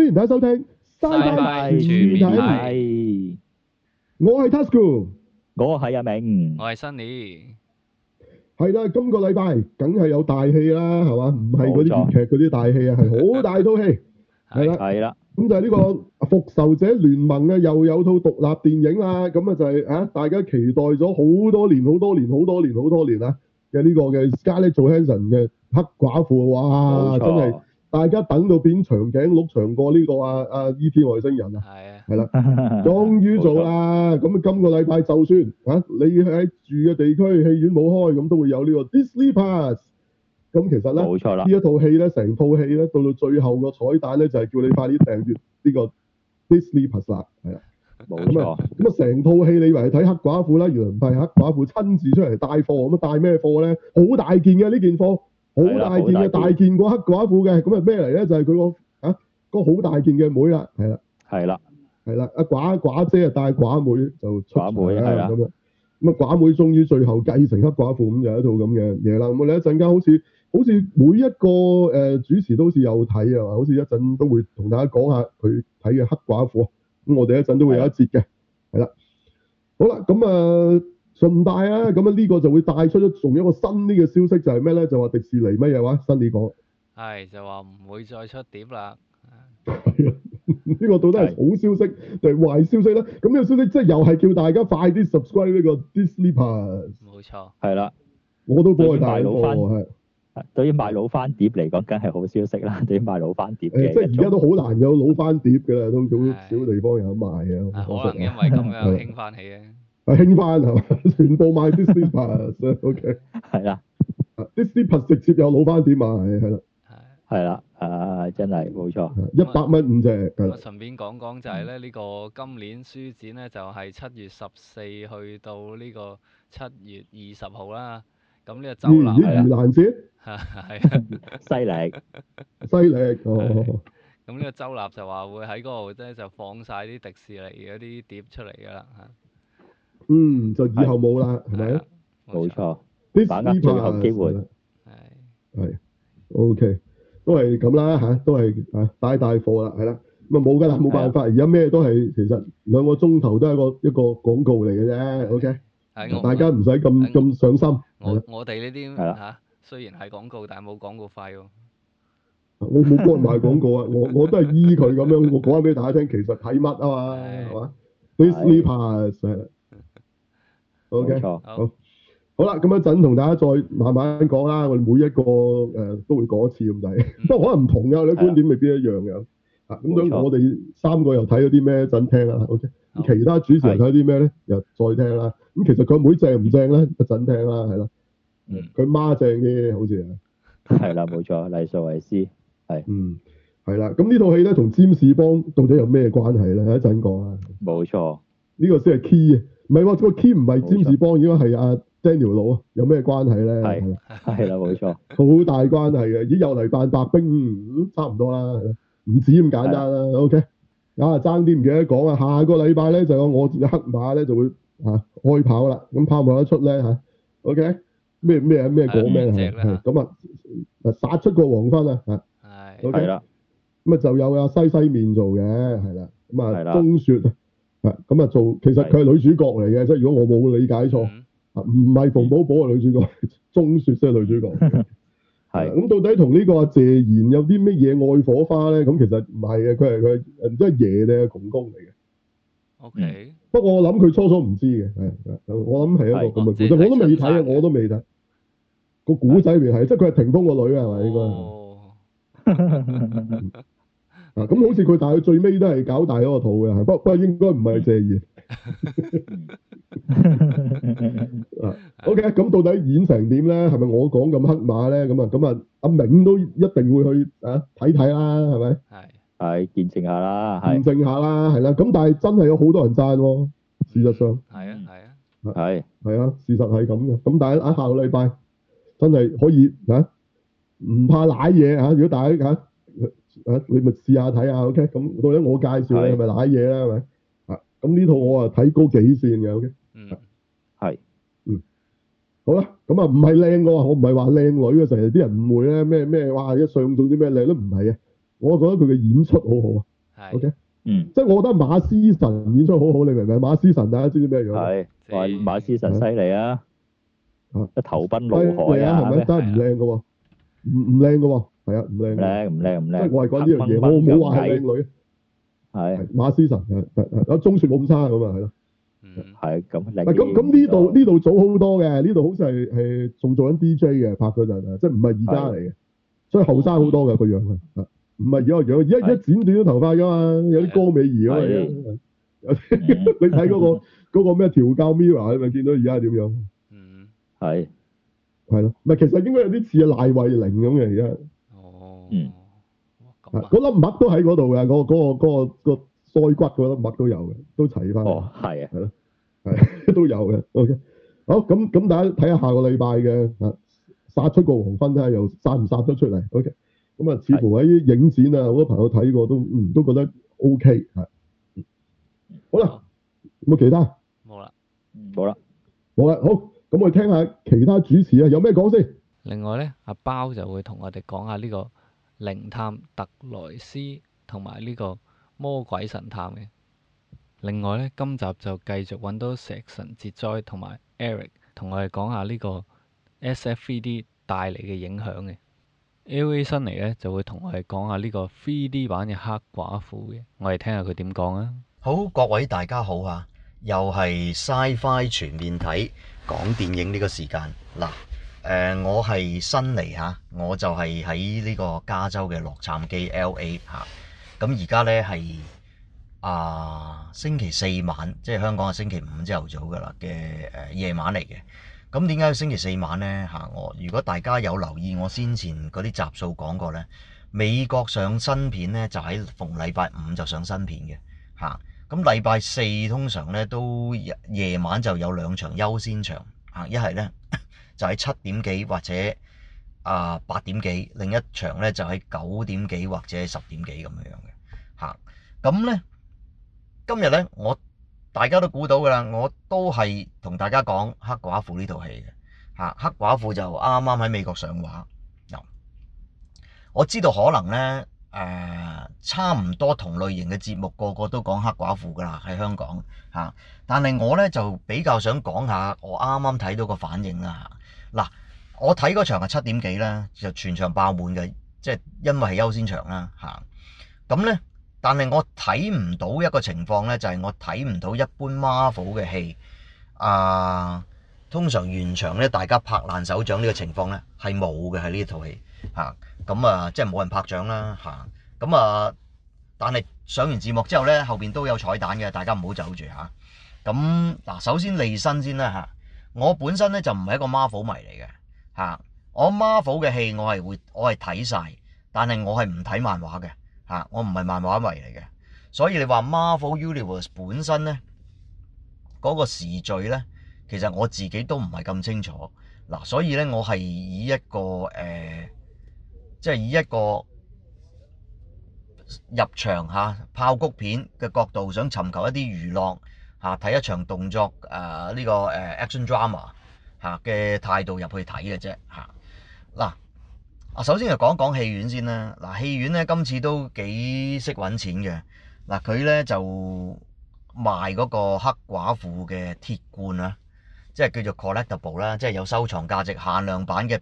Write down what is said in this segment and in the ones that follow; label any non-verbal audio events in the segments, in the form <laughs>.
歡迎大家收聽《SciFi 全面睇》，我係 Tasuku，我係阿銘，我係 Sunny，係啦，今個禮拜梗係有大戲啦，係嘛？唔係嗰啲粵劇嗰啲大戲啊，係好大套戲，係啦，係啦，咁就係呢個《復仇者聯盟》啊，又有套獨立電影啦，咁啊，就係啊，大家期待咗好多年、好多年、好多年、好多年啊嘅呢個嘅，Scarlett Johansson 嘅黑寡婦，哇，真係。大家等到變長頸鹿長過呢、這個啊阿 E.T. 外星人啊，係啊的，係啦，終於做啦！咁啊，今個禮拜就算啊，你喺住嘅地區戲院冇開，咁都會有呢個 Disney Pass。咁其實咧，冇錯啦。呢一套戲咧，成套戲咧，到到最後個彩蛋咧，就係、是、叫你快啲訂閱呢個 Disney Pass 啦。係啊錯，冇錯。咁啊，成套戲你以為係睇黑寡婦啦，原來唔係黑寡婦親自出嚟帶貨，咁啊帶咩貨咧？好大件嘅呢件貨。好大件嘅的大件過黑寡婦嘅，咁係咩嚟咧？就係佢個啊個好大件嘅妹啦，係啦的，係啦，係啦，阿寡寡姐啊，帶寡妹就出嚟啦咁樣。咁啊寡，寡妹終於最後繼承黑寡婦，咁就一套咁嘅嘢啦。咁我哋一陣間好似好似每一個誒主持都好似有睇啊，好似一陣都會同大家講下佢睇嘅黑寡婦。咁我哋一陣都會有一節嘅，係啦的的。好啦，咁啊。呃順帶啊，咁樣呢個就會帶出咗仲一個新呢嘅消息，就係咩咧？就話迪士尼乜嘢話新呢講？係就話唔會再出碟啦。呢個到底係好消息定係壞消息咧？咁嘅消息即係又係叫大家快啲 subscribe 呢個 Disney Plus。冇錯，係啦。我都幫佢帶貨。對於賣老番碟嚟講，梗係好消息啦。對於賣老番碟即係而家都好難有老番碟嘅啦，都少地方有得賣嘅。可能因為咁啊興翻起嘅。興翻係全部買 dispers，O.K. 係啦，dispers 直接又老翻點買啊？係係啦，係啦，啊真係冇錯，一百蚊五隻。咁啊，順便講講就係咧，呢個今年書展咧就係七月十四去到呢個七月二十號啦。咁呢個周立咧，係啊，犀利，犀利哦。咁呢個周立就話會喺嗰度咧就放晒啲迪士尼嗰啲碟出嚟㗎啦。嗯，就以後冇啦，係咪？冇錯，啲 sleeper 最後機會，係係 OK，都係咁啦嚇，都係嚇帶帶貨啦，係啦，咁啊冇㗎啦，冇辦法，而家咩都係其實兩個鐘頭都係一個一個廣告嚟嘅啫。OK，係大家唔使咁咁上心。我我哋呢啲嚇雖然係廣告，但係冇廣告費喎。我冇幫賣廣告啊，我我都係依佢咁樣講翻俾大家聽。其實睇乜啊嘛，係嘛，啲 sleeper 成。O K，好，好啦，咁一陣同大家再慢慢講啦。我哋每一個誒都會講一次咁計，不過可能唔同噶，啲觀點未必一樣噶。啊，咁樣我哋三個又睇咗啲咩？一陣聽啦。O K，其他主持人睇啲咩咧？又再聽啦。咁其實佢妹正唔正咧？一陣聽啦，係咯。佢媽正嘅，好似係。係啦，冇錯，黎素維斯，係。嗯，係啦。咁呢套戲咧，同《占士邦》到底有咩關係咧？一陣講啊。冇錯，呢個先係 key 啊。唔係喎，個 key 唔係詹士邦，而家係阿 Daniel 佬啊，有咩關係咧？係係啦，冇錯，好大關係嘅，而家又嚟扮白兵，差唔多啦，唔止咁簡單啦。OK，啊爭啲唔記得講啊，下個禮拜咧就有我自己黑馬咧就會嚇開跑啦，咁跑唔跑得出咧嚇？OK，咩咩啊咩講咩啊？咁啊，殺出個黃昏啊嚇！係 OK 啦，咁啊就有阿西西面做嘅，係啦，咁啊冬雪，咁啊，做其實佢係女主角嚟嘅，即係如果我冇理解錯，啊唔係馮寶寶係女主角，鍾雪先係女主角。係咁 <laughs> 是到底同呢個阿謝賢有啲咩嘢愛火花咧？咁其實唔係嘅，佢係佢，唔知係爺定係公公嚟嘅。O Okay . K，不過我諗佢初初唔知嘅，係我諗係一個咁嘅事，其實是我都未睇啊，我都未睇個古仔未係，是即係佢係霆鋒個女係咪應該？是 <laughs> 啊！咁好似佢但係最尾都係搞大咗個肚嘅，不不過應該唔係謝賢。啊，OK，咁到底演成點咧？係咪我講咁黑馬咧？咁啊，咁啊，阿明都一定會去啊睇睇啦，係咪？係，係見證下啦，見證下啦，係啦。咁但係真係有好多人贊喎。事實上係啊，係啊，係係啊，事實係咁嘅。咁但係喺下個禮拜真係可以吓唔怕瀨嘢吓。如果大家吓。啊！你咪試下睇下，OK？咁到底我介紹你係咪瀨嘢啦？係咪？啊！咁呢套我啊睇高幾線嘅，OK？嗯，係，嗯，好啦，咁啊唔係靚㗎，我唔係話靚女啊，成日啲人誤會咧咩咩哇一上到啲咩靚都唔係嘅，我覺得佢嘅演出好好啊，OK？嗯，即係我覺得馬思純演出好好，你明唔明？馬思純大家知啲咩樣？係，馬馬思純犀利啊！啊，一頭奔落海啊！靚係咪？真係唔靚㗎喎，唔唔靚㗎喎。係啊，唔靚唔靚唔靚唔靚，即係我係講呢樣嘢，我冇話係靚女啊。係，馬思純係係啊，中雪冇咁差咁啊，係咯。嗯，咁咁咁呢度呢度早好多嘅，呢度好似係係仲做緊 DJ 嘅，拍嗰陣即係唔係而家嚟嘅，所以後生好多嘅，個樣唔係而家樣，而家一剪短咗頭髮噶嘛，有啲江美儀咁啊。你睇嗰個咩調教 Mirror，你咪見到而家係點樣？嗯，係係咯，咪其實應該有啲似賴慧玲咁嘅而家。嗯，嗰是粒墨都喺嗰度嘅，嗰、嗰個、嗰個、嗰個、嗰個腮骨嗰粒墨都有嘅，都齊翻。哦，係啊，係咯是的，係 <laughs> 都有嘅。O、okay、K，好咁咁，大家睇下下個禮拜嘅吓，殺、啊、出個黃昏真係又殺唔殺得出嚟。O K，咁啊，似乎喺影展啊，好的多朋友睇過都、嗯、都覺得 O K 吓。好啦，咁啊，其他冇啦，冇啦，冇啦。好，咁我哋聽下其他主持啊，有咩講先？另外咧，阿包就會同我哋講下呢、這個。《靈探特萊斯》同埋呢個《魔鬼神探》嘅。另外呢，今集就繼續揾到石神哲哉同埋 Eric 同我哋講下呢個 S.F.3D 帶嚟嘅影響嘅。LA 辛尼呢，就會同我哋講下呢個 3D 版嘅黑寡婦嘅。我哋聽下佢點講啊！好，各位大家好啊，又係 Sci-Fi 全面睇講電影呢個時間嗱。誒，我係辛尼嚇，我就係喺呢個加州嘅洛杉磯 L.A. 嚇。咁而家呢係啊星期四晚，即係香港嘅星期五朝頭早㗎啦嘅夜晚嚟嘅。咁點解要星期四晚呢？嚇？我如果大家有留意我先前嗰啲集數講過呢，美國上新片呢就喺逢禮拜五就上新片嘅嚇。咁禮拜四通常呢都夜，夜晚就有兩場優先場嚇，一係呢。 <laughs> 就喺七點幾或者啊、呃、八點幾，另一場咧就喺九點幾或者十點幾咁樣樣嘅嚇。咁咧今日咧我大家都估到噶啦，我都係同大家講《黑寡婦》呢套戲嘅嚇，《黑寡婦》就啱啱喺美國上畫，呃。我知道可能咧誒、呃、差唔多同類型嘅節目個個都講《黑寡婦》噶啦喺香港嚇、呃，但係我咧就比較想講下我啱啱睇到個反應啦嗱，我睇嗰場係七點幾啦，就全場爆滿嘅，即係因為係優先場啦，嚇。咁咧，但係我睇唔到一個情況咧，就係、是、我睇唔到一般 Marvel 嘅戲，啊，通常現場咧大家拍爛手掌呢個情況咧係冇嘅喺呢套戲嚇，咁啊即係冇人拍掌啦嚇，咁啊，啊，但係上完字幕之後咧後邊都有彩蛋嘅，大家唔好走住嚇。咁、啊、嗱，首先利申先啦嚇。啊我本身咧就唔係一個 Marvel 迷嚟嘅，嚇，我 Marvel 嘅戲我係會我係睇晒，但係我係唔睇漫畫嘅，嚇，我唔係漫畫迷嚟嘅，所以你話 Marvel Universe 本身咧嗰、那個時序咧，其實我自己都唔係咁清楚，嗱，所以咧我係以一個誒、呃，即係以一個入場吓，爆谷片嘅角度想尋求一啲娛樂。嚇，睇一場動作誒，呢、呃呢個誒 action drama 嚇嘅態度入去睇嘅啫嚇。嗱、啊，首先就講講戲院先啦。嗱，戲院咧，今次都幾識揾錢嘅。嗱，佢咧就賣嗰個黑寡婦嘅鐵罐啊，即係叫做 collectable 啦，即係有收藏價值、限量版嘅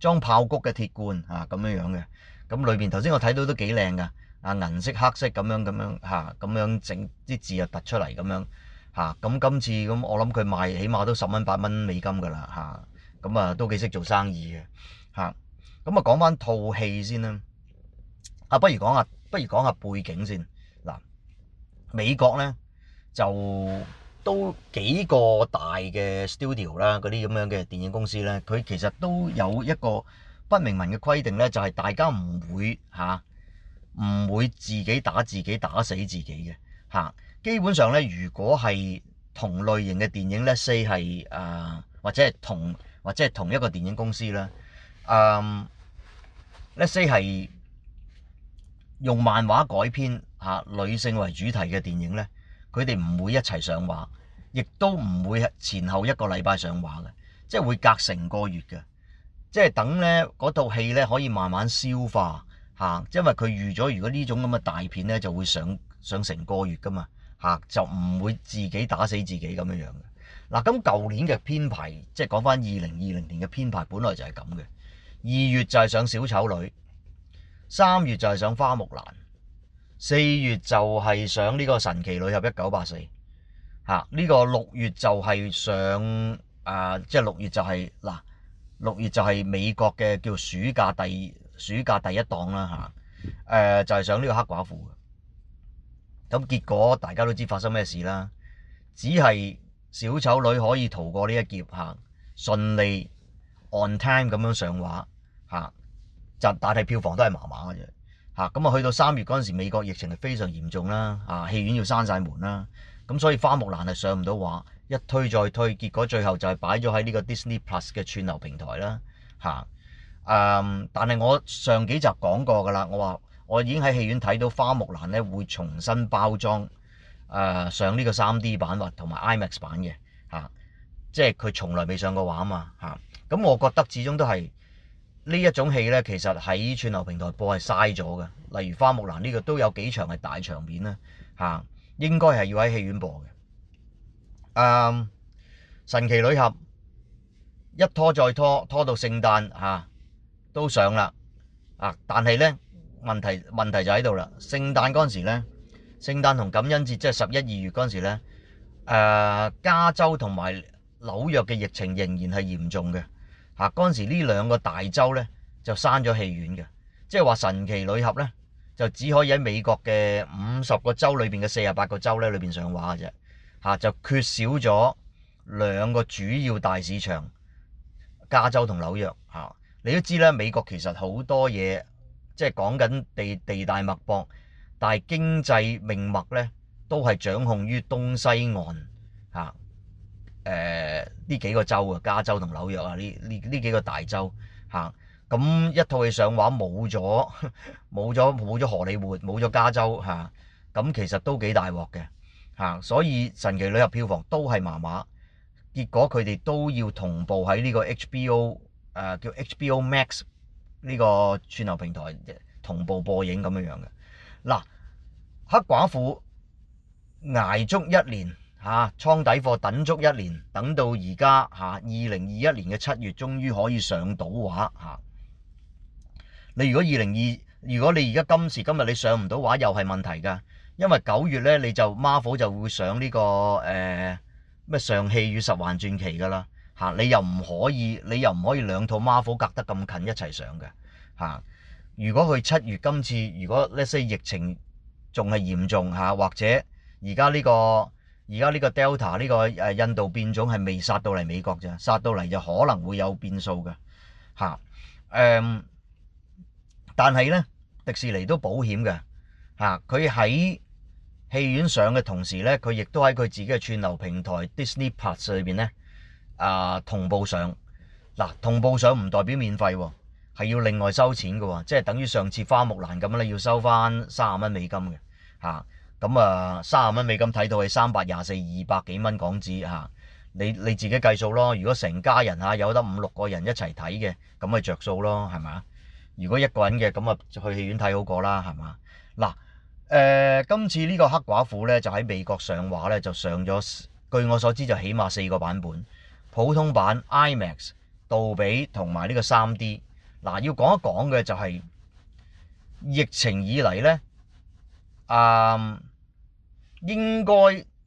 裝炮谷嘅鐵罐嚇，咁、啊、樣樣嘅咁，裏邊頭先我睇到都幾靚噶，啊，銀色、黑色咁樣、咁樣，嚇，咁樣整啲字又凸出嚟咁樣。嚇！咁今次咁，我諗佢賣起碼都十蚊八蚊美金㗎啦嚇！咁啊都幾識做生意嘅嚇！咁啊講返套戲先啦。啊，不如講下，不如講下背景先嗱、啊。美國咧就都幾個大嘅 studio 啦，嗰啲咁樣嘅電影公司咧，佢其實都有一個不明文嘅規定咧，就係、是、大家唔會嚇唔、啊、會自己打自己打死自己嘅嚇。啊基本上咧，如果係同類型嘅電影咧，say 係啊，或者係同或者係同一個電影公司啦，啊，let's say 係用漫畫改編嚇、呃、女性為主題嘅電影咧，佢哋唔會一齊上畫，亦都唔會前後一個禮拜上畫嘅，即係會隔成個月嘅，即係等咧嗰套戲咧可以慢慢消化嚇、呃，因為佢預咗，如果呢種咁嘅大片咧就會上上成個月噶嘛。嚇就唔會自己打死自己咁樣樣嘅。嗱咁舊年嘅編排，即係講翻二零二零年嘅編排，本來就係咁嘅。二月就係上小丑女，三月就係上花木蘭，四月就係上呢個神奇女俠一九八四。嚇呢個六月就係上誒，即係六月就係、是、嗱，六、呃、月就係美國嘅叫暑假第暑假第一檔啦吓，誒、呃、就係、是、上呢個黑寡婦。咁結果大家都知發生咩事啦，只係小丑女可以逃過呢一劫，嚇，順利 on time 咁樣上畫，嚇，就大體票房都係麻麻嘅啫，嚇，咁啊去到三月嗰陣時，美國疫情係非常嚴重啦，嚇，戲院要閂晒門啦，咁所以花木蘭係上唔到畫，一推再推，結果最後就係擺咗喺呢個 Disney Plus 嘅串流平台啦，嚇，誒，但係我上幾集講過㗎啦，我話。我已經喺戲院睇到《花木蘭》咧，會重新包裝誒、呃、上呢個三 D 版或同埋 IMAX 版嘅嚇、啊，即係佢從來未上過畫嘛啊嘛嚇。咁我覺得始終都係呢一種戲咧，其實喺串流平台播係嘥咗嘅。例如《花木蘭》呢個都有幾場係大場面啦嚇、啊，應該係要喺戲院播嘅。誒、啊，《神奇女俠》一拖再拖，拖到聖誕嚇、啊、都上啦啊！但係咧。問題問題就喺度啦！聖誕嗰陣時咧，聖誕同感恩節即係十一二月嗰陣時咧，誒、呃、加州同埋紐約嘅疫情仍然係嚴重嘅。嚇、啊，嗰陣時呢兩個大州咧就閂咗戲院嘅，即係話神奇女俠咧就只可以喺美國嘅五十個州裏邊嘅四十八個州咧裏邊上畫嘅啫。嚇、啊，就缺少咗兩個主要大市場加州同紐約。嚇、啊，你都知啦，美國其實好多嘢。即係講緊地地大物博，但係經濟命脈咧都係掌控於東西岸啊！誒、呃、呢幾個州嘅加州同紐約啊，呢呢呢幾個大州嚇。咁、啊、一套戲上畫冇咗冇咗冇咗荷里活，冇咗加州嚇，咁、啊、其實都幾大鑊嘅嚇。所以神奇女俠票房都係麻麻，結果佢哋都要同步喺呢個 HBO 誒、啊、叫 HBO Max。呢個串流平台同步播映咁樣樣嘅。嗱，黑寡婦捱足一年嚇、啊，倉底貨等足一年，等到而家嚇，二零二一年嘅七月終於可以上到畫嚇、啊。你如果二零二，如果你而家今時今日你上唔到畫又係問題㗎，因為九月咧你就 Marvel 就會上呢、這個誒咩、呃、尚氣與十環傳奇㗎啦。嚇！你又唔可以，你又唔可以兩套 Marvel 隔得咁近一齊上嘅嚇、啊。如果佢七月今次，如果呢些疫情仲係嚴重嚇、啊，或者而家呢個而家呢個 Delta 呢個誒印度變種係未殺到嚟美國咋，殺到嚟就可能會有變數嘅嚇。誒、啊嗯，但係咧，迪士尼都保險嘅嚇。佢、啊、喺戲院上嘅同時咧，佢亦都喺佢自己嘅串流平台 Disney Plus 裏邊咧。啊，同步上，嗱，同步上唔代表免費喎、啊，係要另外收錢嘅喎、啊，即係等於上次花木蘭咁啦，要收翻三十蚊美金嘅吓，咁啊三十蚊美金睇到係三百廿四二百幾蚊港紙吓、啊，你你自己計數咯。如果成家人吓、啊、有得五六個人一齊睇嘅，咁咪着數咯，係嘛？如果一個人嘅咁啊，去戲院睇好過啦，係嘛？嗱，誒，今次呢個黑寡婦咧就喺美國上畫咧就上咗，據我所知就起碼四個版本。普通版 IMAX 杜比同埋呢個 3D，嗱要講一講嘅就係、是、疫情以嚟咧，啊、嗯、應該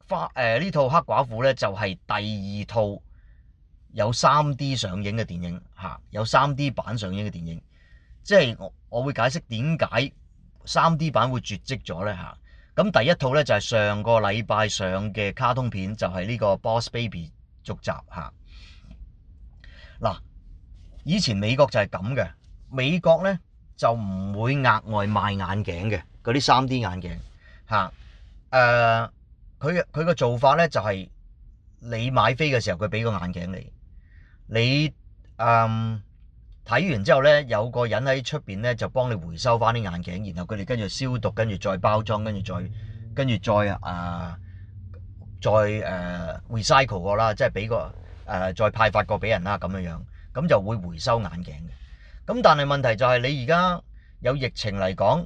花誒呢套黑寡婦咧就係第二套有 3D 上映嘅電影吓，有 3D 版上映嘅電影，即係我我會解釋點解 3D 版會絕跡咗咧吓，咁第一套咧就係上個禮拜上嘅卡通片就係、是、呢個 Boss Baby 續集嚇，嗱，以前美國就係咁嘅，美國咧就唔會額外賣眼鏡嘅嗰啲 3D 眼鏡嚇，誒佢佢嘅做法咧就係、是、你買飛嘅時候佢俾個眼鏡你，你嗯睇完之後咧有個人喺出邊咧就幫你回收翻啲眼鏡，然後佢哋跟住消毒，跟住再包裝，跟住再跟住再啊～再誒 recycle 過啦，即係俾個誒再派發過俾人啦，咁樣樣咁就會回收眼鏡嘅。咁但係問題就係你而家有疫情嚟講，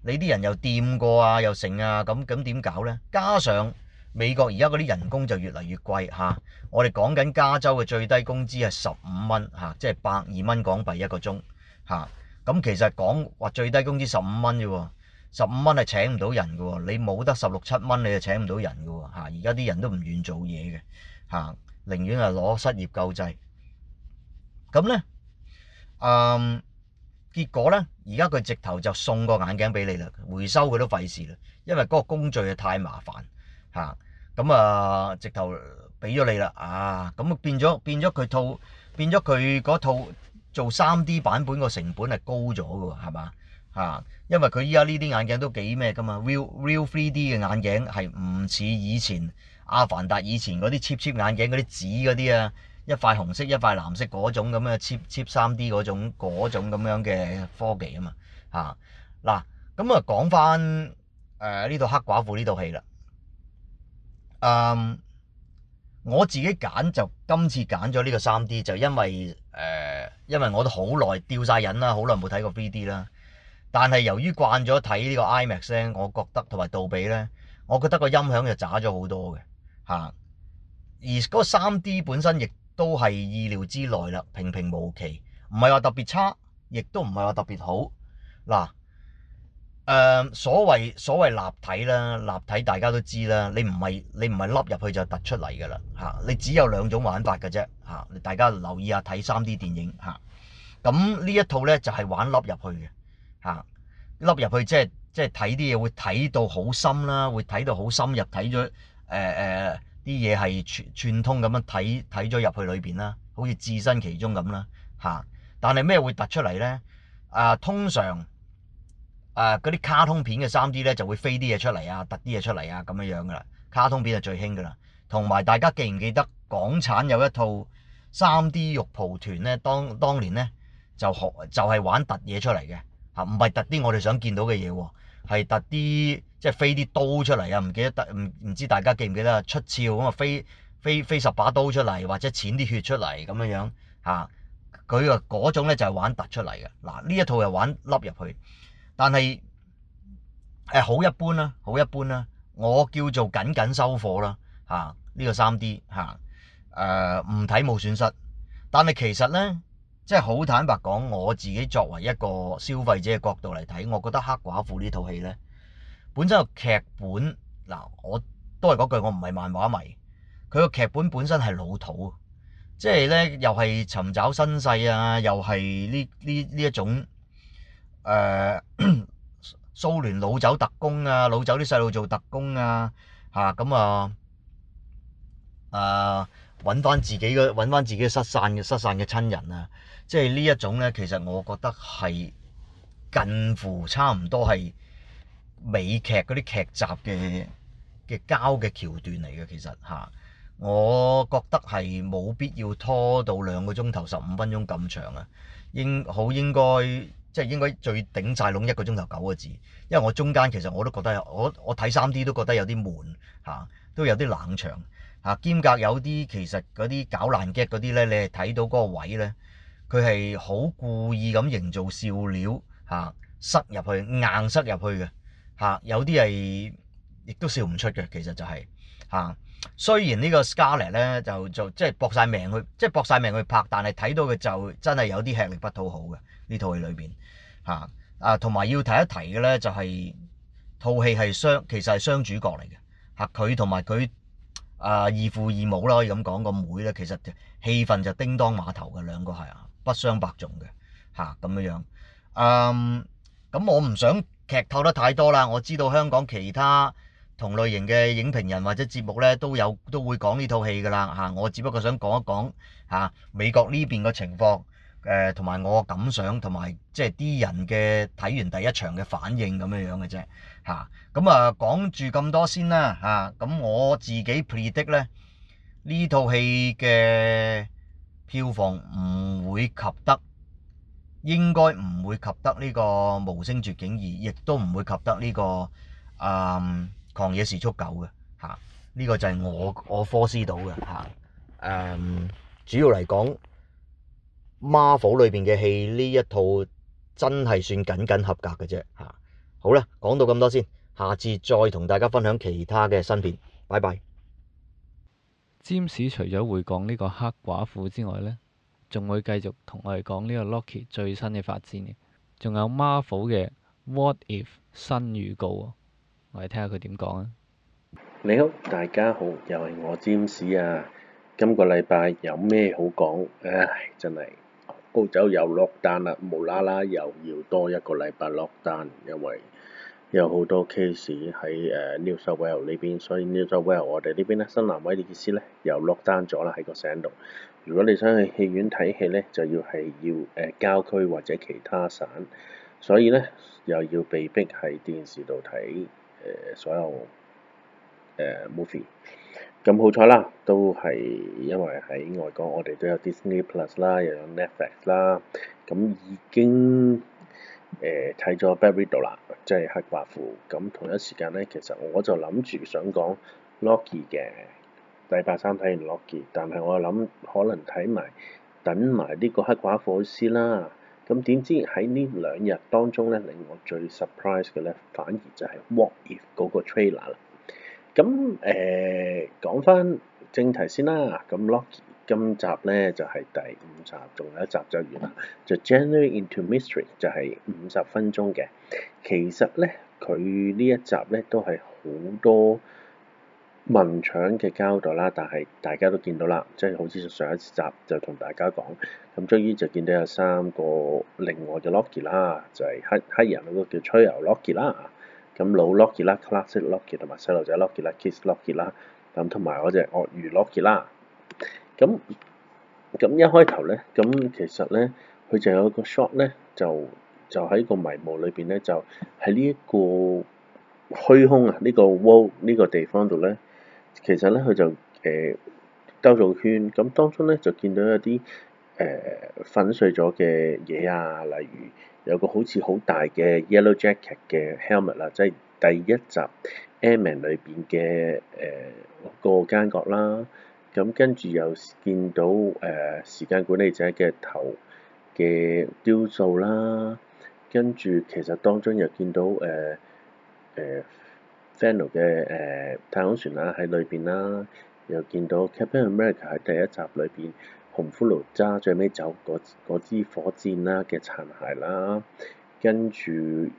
你啲人又掂過啊，又成啊，咁咁點搞咧？加上美國而家嗰啲人工就越嚟越貴嚇、啊，我哋講緊加州嘅最低工資係十五蚊嚇，即係百二蚊港幣一個鐘嚇。咁、啊、其實講話最低工資十五蚊啫喎。十五蚊係請唔到人嘅喎，你冇得十六七蚊，你就請唔到人嘅喎嚇。而家啲人都唔願做嘢嘅嚇，寧願係攞失業救濟。咁咧，嗯，結果咧，而家佢直頭就送個眼鏡俾你啦，回收佢都費事啦，因為嗰個工序啊太麻煩嚇。咁啊，直頭俾咗你啦啊，咁變咗變咗佢套變咗佢嗰套做三 D 版本個成本係高咗嘅喎，係嘛？啊，因為佢依家呢啲眼鏡都幾咩㗎嘛，Real Real 3D 嘅眼鏡係唔似以前《阿凡達》以前嗰啲 cheap cheap 眼鏡嗰啲紙嗰啲啊，一塊紅色一塊藍色嗰種咁 che 嘅 cheap cheap 三 D 嗰種嗰種咁樣嘅科技啊嘛，啊嗱咁啊講翻誒呢度《黑寡婦》呢套戲啦，嗯，我自己揀就今次揀咗呢個三 D 就因為誒、呃，因為我都好耐掉晒癮啦，好耐冇睇過 3D 啦。但係由於慣咗睇呢個 IMAX，我覺得同埋杜比咧，我覺得個音響就渣咗好多嘅嚇。而嗰三 D 本身亦都係意料之內啦，平平無奇，唔係話特別差，亦都唔係話特別好嗱。誒、呃，所謂所謂立體啦，立體大家都知啦，你唔係你唔係凹入去就凸出嚟㗎啦嚇。你只有兩種玩法㗎啫嚇，大家留意下睇三 D 電影嚇。咁呢一套咧就係玩凹入去嘅。嚇，凹入去即係即係睇啲嘢，會睇到好深啦，會睇到好深入，睇咗誒誒啲嘢係串串通咁樣睇睇咗入去裏邊啦，好似置身其中咁啦嚇。但係咩會突出嚟咧？啊，通常啊嗰啲卡通片嘅三 D 咧就會飛啲嘢出嚟啊，突啲嘢出嚟啊，咁樣樣噶啦。卡通片係最興噶啦。同埋大家記唔記得港產有一套三 D 肉蒲團咧？當當年咧就學就係、是、玩突嘢出嚟嘅。嚇唔係突啲我哋想見到嘅嘢喎，係突啲即係飛啲刀出嚟啊！唔記得突唔唔知大家記唔記得啊？出鞘咁啊飛飛飛十把刀出嚟，或者濺啲血出嚟咁樣樣嚇，佢個嗰種咧就係玩突出嚟嘅嗱，呢一套又玩凹入去，但係誒好一般啦，好一般啦，我叫做緊緊收貨啦嚇，呢個三 D 嚇誒唔睇冇損失，但係其實咧。即係好坦白講，我自己作為一個消費者嘅角度嚟睇，我覺得《黑寡婦》呢套戲咧，本身個劇本嗱，我都係嗰句，我唔係漫畫迷，佢個劇本本身係老土，即係咧又係尋找身世啊，又係呢呢呢一種誒、呃、 <coughs> 蘇聯老走特工啊，老走啲細路做特工啊，嚇咁啊誒揾翻自己嘅揾翻自己失散嘅失散嘅親人啊！即係呢一種咧，其實我覺得係近乎差唔多係美劇嗰啲劇集嘅嘅、嗯、交嘅橋段嚟嘅。其實嚇，我覺得係冇必要拖到兩個鐘頭十五分鐘咁長啊！應好應該即係應該最頂晒櫳，一個鐘頭九個字，因為我中間其實我都覺得我我睇三 D 都覺得有啲悶嚇，都有啲冷場嚇，兼夾有啲其實嗰啲搞爛 gag 嗰啲咧，你睇到嗰個位咧。佢係好故意咁營造笑料嚇，塞入去硬塞入去嘅嚇，有啲係亦都笑唔出嘅。其實就係、是、嚇，雖然個呢個 Scarlett 咧就就即係搏晒命去，即係搏晒命去拍，但係睇到佢就真係有啲吃力不討好嘅呢套戲裏邊嚇啊。同埋要提一提嘅咧、就是，就係套戲係雙其實係雙主角嚟嘅嚇，佢同埋佢啊義、啊、父義母啦，可以咁講個妹咧，其實戲份就叮噹馬頭嘅兩個係啊。不相伯仲嘅，嚇咁樣樣，嗯，咁我唔想劇透得太多啦。我知道香港其他同類型嘅影評人或者節目咧都有都會講呢套戲噶啦，嚇我只不過想講一講嚇、啊、美國呢邊嘅情況，誒同埋我嘅感想同埋即係啲人嘅睇完第一場嘅反應咁樣樣嘅啫，嚇咁啊講住咁多先啦，嚇、啊、咁我自己 predict 咧呢套戲嘅。票房唔會及得，應該唔會及得呢個無聲絕境二，亦都唔會及得呢、這個誒、嗯、狂野時速九嘅嚇。呢、啊這個就係我我科斯到嘅嚇誒，主要嚟講 Marvel 裏邊嘅戲呢一套真係算僅僅合格嘅啫嚇。好啦，講到咁多先，下次再同大家分享其他嘅新片，拜拜。James 除咗會講呢個黑寡婦之外呢，仲會繼續同我哋講呢個 Loki 最新嘅發展，仲有 Marvel 嘅 What If 新預告啊！我哋睇下佢點講啊！你好，大家好，又係我 James 啊！今個禮拜有咩好講？唉，真係澳洲又 lockdown 啦，無啦啦又要多一個禮拜 lockdown，因為有好多 case 喺誒 New South Wales、well、呢邊，所以 New South Wales、well, 我哋呢邊咧新南威爾斯咧又落單咗啦喺個省度。如果你想去戲院睇戲咧，就要係要誒、uh, 郊區或者其他省，所以咧又要被逼喺電視度睇誒所有誒、uh, movie。咁好彩啦，都係因為喺外國，我哋都有 Disney Plus 啦，又有 Netflix 啦，咁已經。誒睇咗《Black Widow》啦，即係黑寡婦。咁同一時間咧，其實我就諗住想講《Loki》嘅，禮拜三睇完《Loki》但係我諗可能睇埋等埋呢個黑寡婦先啦。咁點知喺呢兩日當中咧，令我最 surprise 嘅咧，反而就係《What If》嗰個 trailer 啦。咁誒，講、呃、翻正題先啦。咁 Loki。今集咧就係、是、第五集，仲有一集就完啦。 <music> 就 Journey into Mystery 就係五十分鐘嘅。其實咧，佢呢一集咧都係好多文場嘅交代啦。但係大家都見到啦，即、就、係、是、好似上一集就同大家講，咁終於就見到有三個另外嘅 Loki、那個、啦，就係黑黑人嗰個叫吹牛 Loki 啦。咁老 Loki 啦，classic Loki 同埋細路仔 Loki 啦 kiss Loki 啦，咁同埋嗰隻鱷魚 Loki 啦。咁咁一開頭咧，咁其實咧，佢就有個 shot 咧，就就喺個迷霧裏邊咧，就喺呢一個虛空啊，呢個 world 呢個地方度咧，其實咧佢就誒兜咗圈，咁當中咧就見到一啲誒、呃、粉碎咗嘅嘢啊，例如有個好似好大嘅 yellow jacket 嘅 helmet 啦、啊，即係第一集《Ant-Man》裏邊嘅誒個奸角啦。咁跟住又見到誒、呃、時間管理者嘅頭嘅雕塑啦，跟住其實當中又見到誒誒 Fanel 嘅誒太空船啦喺裏邊啦，又見到 Captain America 喺第一集裏邊紅骷髏揸最尾走嗰支火箭啦嘅殘骸啦，跟住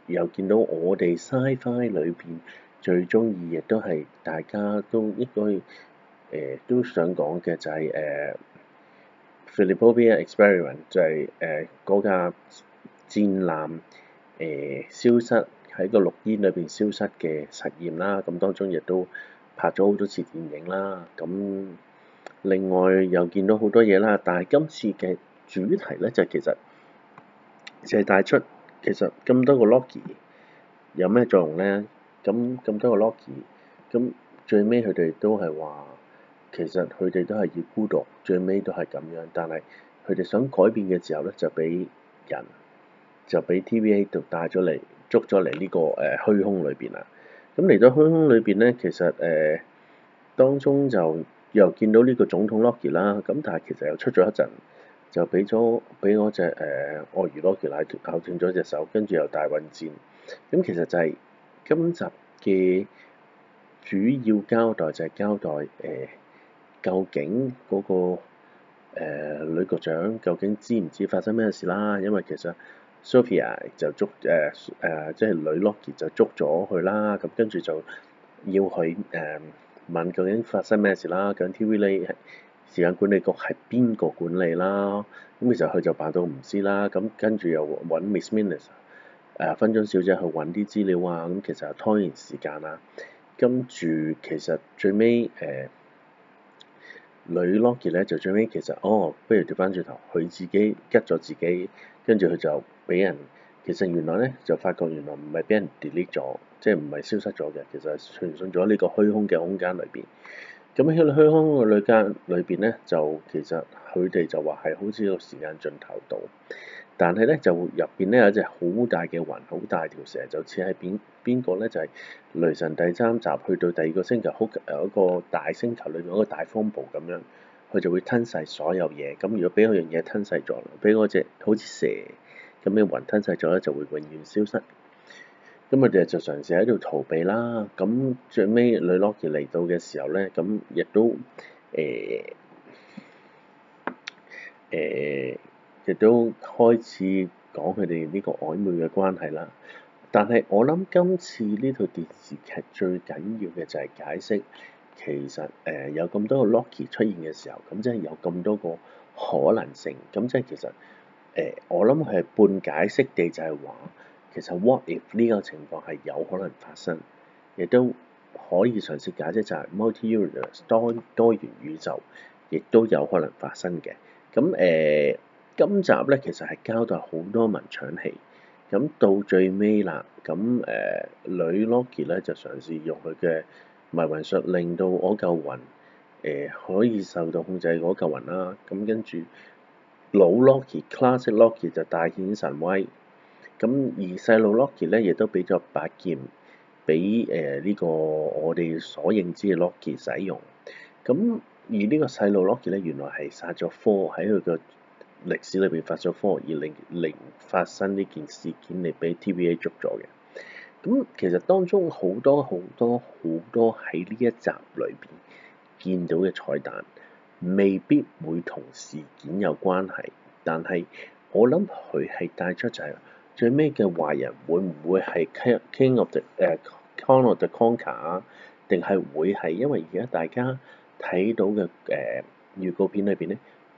又見到我哋 Sci-Fi 裏邊最中意亦都係大家都應該。誒、呃、都想講嘅就係誒 Philadelphia Experiment，就係誒嗰架戰艦誒、呃、消失喺個綠煙裏邊消失嘅實驗啦。咁當中亦都拍咗好多次電影啦。咁另外又見到好多嘢啦。但係今次嘅主題咧就係、其實就帶、係、出其實咁多個 Loki 有咩作用咧？咁咁多個 Loki 咁最尾佢哋都係話。其實佢哋都係要孤獨，最尾都係咁樣。但係佢哋想改變嘅時候咧，就俾人就俾 TVA 就帶咗嚟，捉咗嚟、這個呃嗯、呢個誒虛空裏邊啦。咁嚟到虛空裏邊咧，其實誒、呃、當中就又見到呢個總統 Loki 啦。咁但係其實又出咗一陣，就俾咗俾我隻誒鱷、呃、魚 Loki 拉斷咗隻手，跟住又大混戰。咁、嗯、其實就係今集嘅主要交代就係交代誒。呃究竟嗰、那個、呃、女局長究竟知唔知發生咩事啦？因為其實 Sophia 就捉誒誒、呃呃，即係女 Loki 就捉咗佢啦。咁、嗯、跟住就要去誒、呃、問究竟發生咩事啦。咁 TVA 時間管理局係邊個管理啦？咁、嗯、其實佢就扮到唔知啦。咁、嗯、跟住又揾 Miss Minutes 誒、呃、分鐘小姐去揾啲資料啊。咁、嗯、其實係拖延時間啊。跟住其實最尾誒。呃女 Loki 咧就最尾其實哦，不如調翻轉頭，佢自己吉咗自己，跟住佢就俾人其實原來咧就發覺原來唔係俾人 delete 咗，即係唔係消失咗嘅，其實係傳送到呢個虛空嘅空間裏邊。咁喺虛空嘅裏間裏邊咧，就其實佢哋就話係好似個時間盡頭度。但係咧，就入邊咧有隻好大嘅雲，好大條蛇，就似喺邊邊個咧？就係、是、雷神第三集去到第二個星球，好有一個大星球裏面一個大風暴咁樣，佢就會吞曬所有嘢。咁如果俾嗰樣嘢吞曬咗，俾嗰隻好似蛇咁嘅雲吞曬咗咧，就會永遠消失。咁佢哋就嘗試喺度逃避啦。咁最尾雷洛奇嚟到嘅時候咧，咁亦都誒誒。欸欸亦都開始講佢哋呢個曖昧嘅關係啦。但係我諗今次呢套電視劇最緊要嘅就係解釋其實誒、呃、有咁多個 Loki 出現嘅時候，咁即係有咁多個可能性。咁即係其實誒、呃，我諗佢係半解釋地就係話其實 What If 呢個情況係有可能發生，亦都可以嘗試解釋就係 Multi Universe 多元宇宙亦都有可能發生嘅。咁誒。呃今集咧，其實係交代好多文場戲。咁到最尾啦，咁誒、呃、女 Loki 咧就嘗試用佢嘅迷魂術，令到嗰嚿雲誒可以受到控制嗰嚿雲啦。咁跟住老 Loki、Classic Loki 就大顯神威。咁而細路 Loki 咧，亦都俾咗把劍俾誒呢個我哋所認知嘅 Loki 使用。咁而個呢個細路 Loki 咧，原來係殺咗 Thor 喺佢個歷史裏面發生咗科二零零令發生呢件事件嚟俾 TVA 捉咗嘅。咁其實當中好多好多好多喺呢一集裏邊見到嘅彩蛋，未必會同事件有關係。但係我諗佢係帶出就係、是、最尾嘅壞人會唔會係 King of the 誒、呃、Kang the Conqueror 啊？定係會係因為而家大家睇到嘅誒、呃、預告片裏邊咧？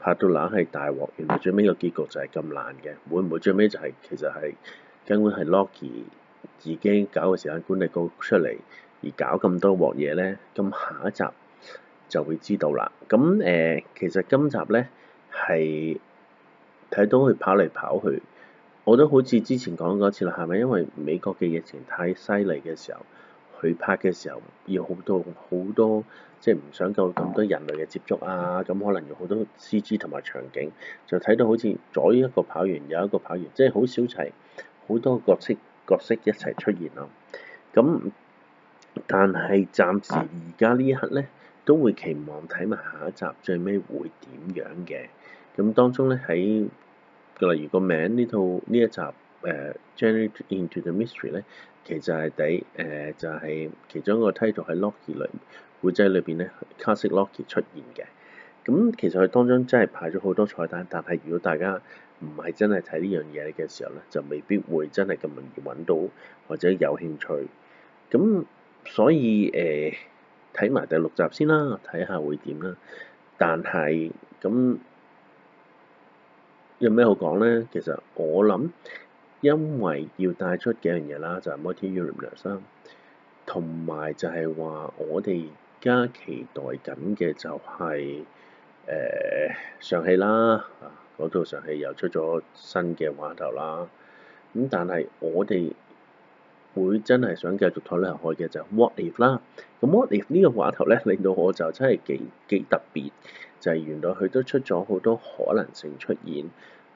拍到冷係大鑊，原來最尾個結局就係咁爛嘅，會唔會最尾就係、是、其實係根本係 Loki 自己搞個時間管理局出嚟而搞咁多鑊嘢咧？咁下一集就會知道啦。咁誒、呃，其實今集咧係睇到佢跑嚟跑去，我都好似之前講過一次啦，係咪因為美國嘅疫情太犀利嘅時候？佢拍嘅時候要好多好多，即係唔想夠咁多人類嘅接觸啊，咁可能要好多 CG 同埋場景，就睇到好似左一個跑完，右一個跑完，即係好少齊，好多角色角色一齊出現啊。咁但係暫時而家呢一刻咧，都會期望睇埋下一集最尾會點樣嘅。咁當中咧喺例如個名呢套呢一集誒 Journey、uh, Into The Mystery 咧。其實係第誒、呃、就係、是、其中一個 title 喺 Loki 裡古仔裏邊咧，Classic Loki 出現嘅。咁、嗯、其實佢當中真係排咗好多彩蛋，但係如果大家唔係真係睇呢樣嘢嘅時候咧，就未必會真係咁容易揾到或者有興趣。咁、嗯、所以誒，睇、呃、埋第六集先啦，睇下會點啦。但係咁、嗯、有咩好講咧？其實我諗。因為要帶出幾樣嘢啦，就係 multi universes，同埋就係話我哋而家期待緊嘅就係誒尚氣啦，啊嗰套尚氣又出咗新嘅話頭啦，咁但係我哋會真係想繼續討論下去嘅就係 what if 啦，咁 what if 個呢個話頭咧令到我就真係幾幾特別，就係、係、原來佢都出咗好多可能性出現。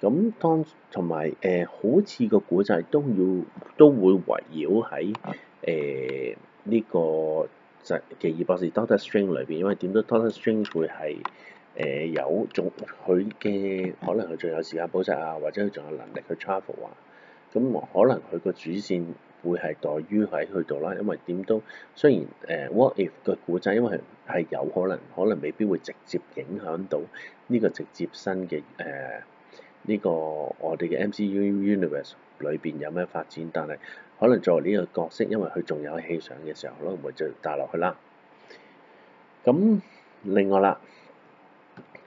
咁當同埋誒，好似個古仔都要都會圍繞喺誒呢個《奇異博士 Doctor s t r i n g 裏裏邊，因為點都 Doctor s t r i n g e 會係、呃、有仲佢嘅可能，佢仲有時間補習啊，或者佢仲有能力去 travel 啊。咁我可能佢個主線會係待於喺佢度啦，因為點都雖然誒、呃、What If 嘅古仔，因為係係有可能，可能未必會直接影響到呢個直接新嘅誒。呃呢、這個我哋嘅 M C U Universe 裏邊有咩發展，但係可能作為呢個角色，因為佢仲有戲上嘅時候，可能會再帶落去啦。咁另外啦，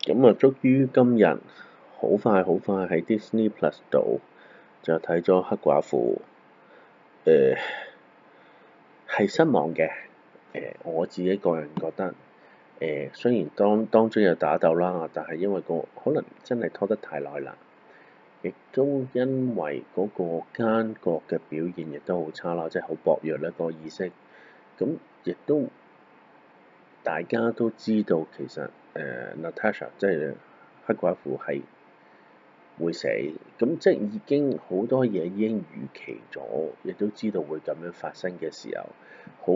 咁啊，終於今日好快好快喺 Disney Plus 度就睇咗黑寡婦，誒、呃，係失望嘅。誒、呃，我自己個人覺得，誒、呃，雖然當當中有打鬥啦，但係因為、那個可能真係拖得太耐啦。亦都因為嗰個奸角嘅表現亦都好差啦，即係好薄弱咧、呢個意識，咁亦都大家都知道其實誒、呃、Natasha 即係黑寡婦係會死，咁即係已經好多嘢已經預期咗，亦都知道會咁樣發生嘅時候，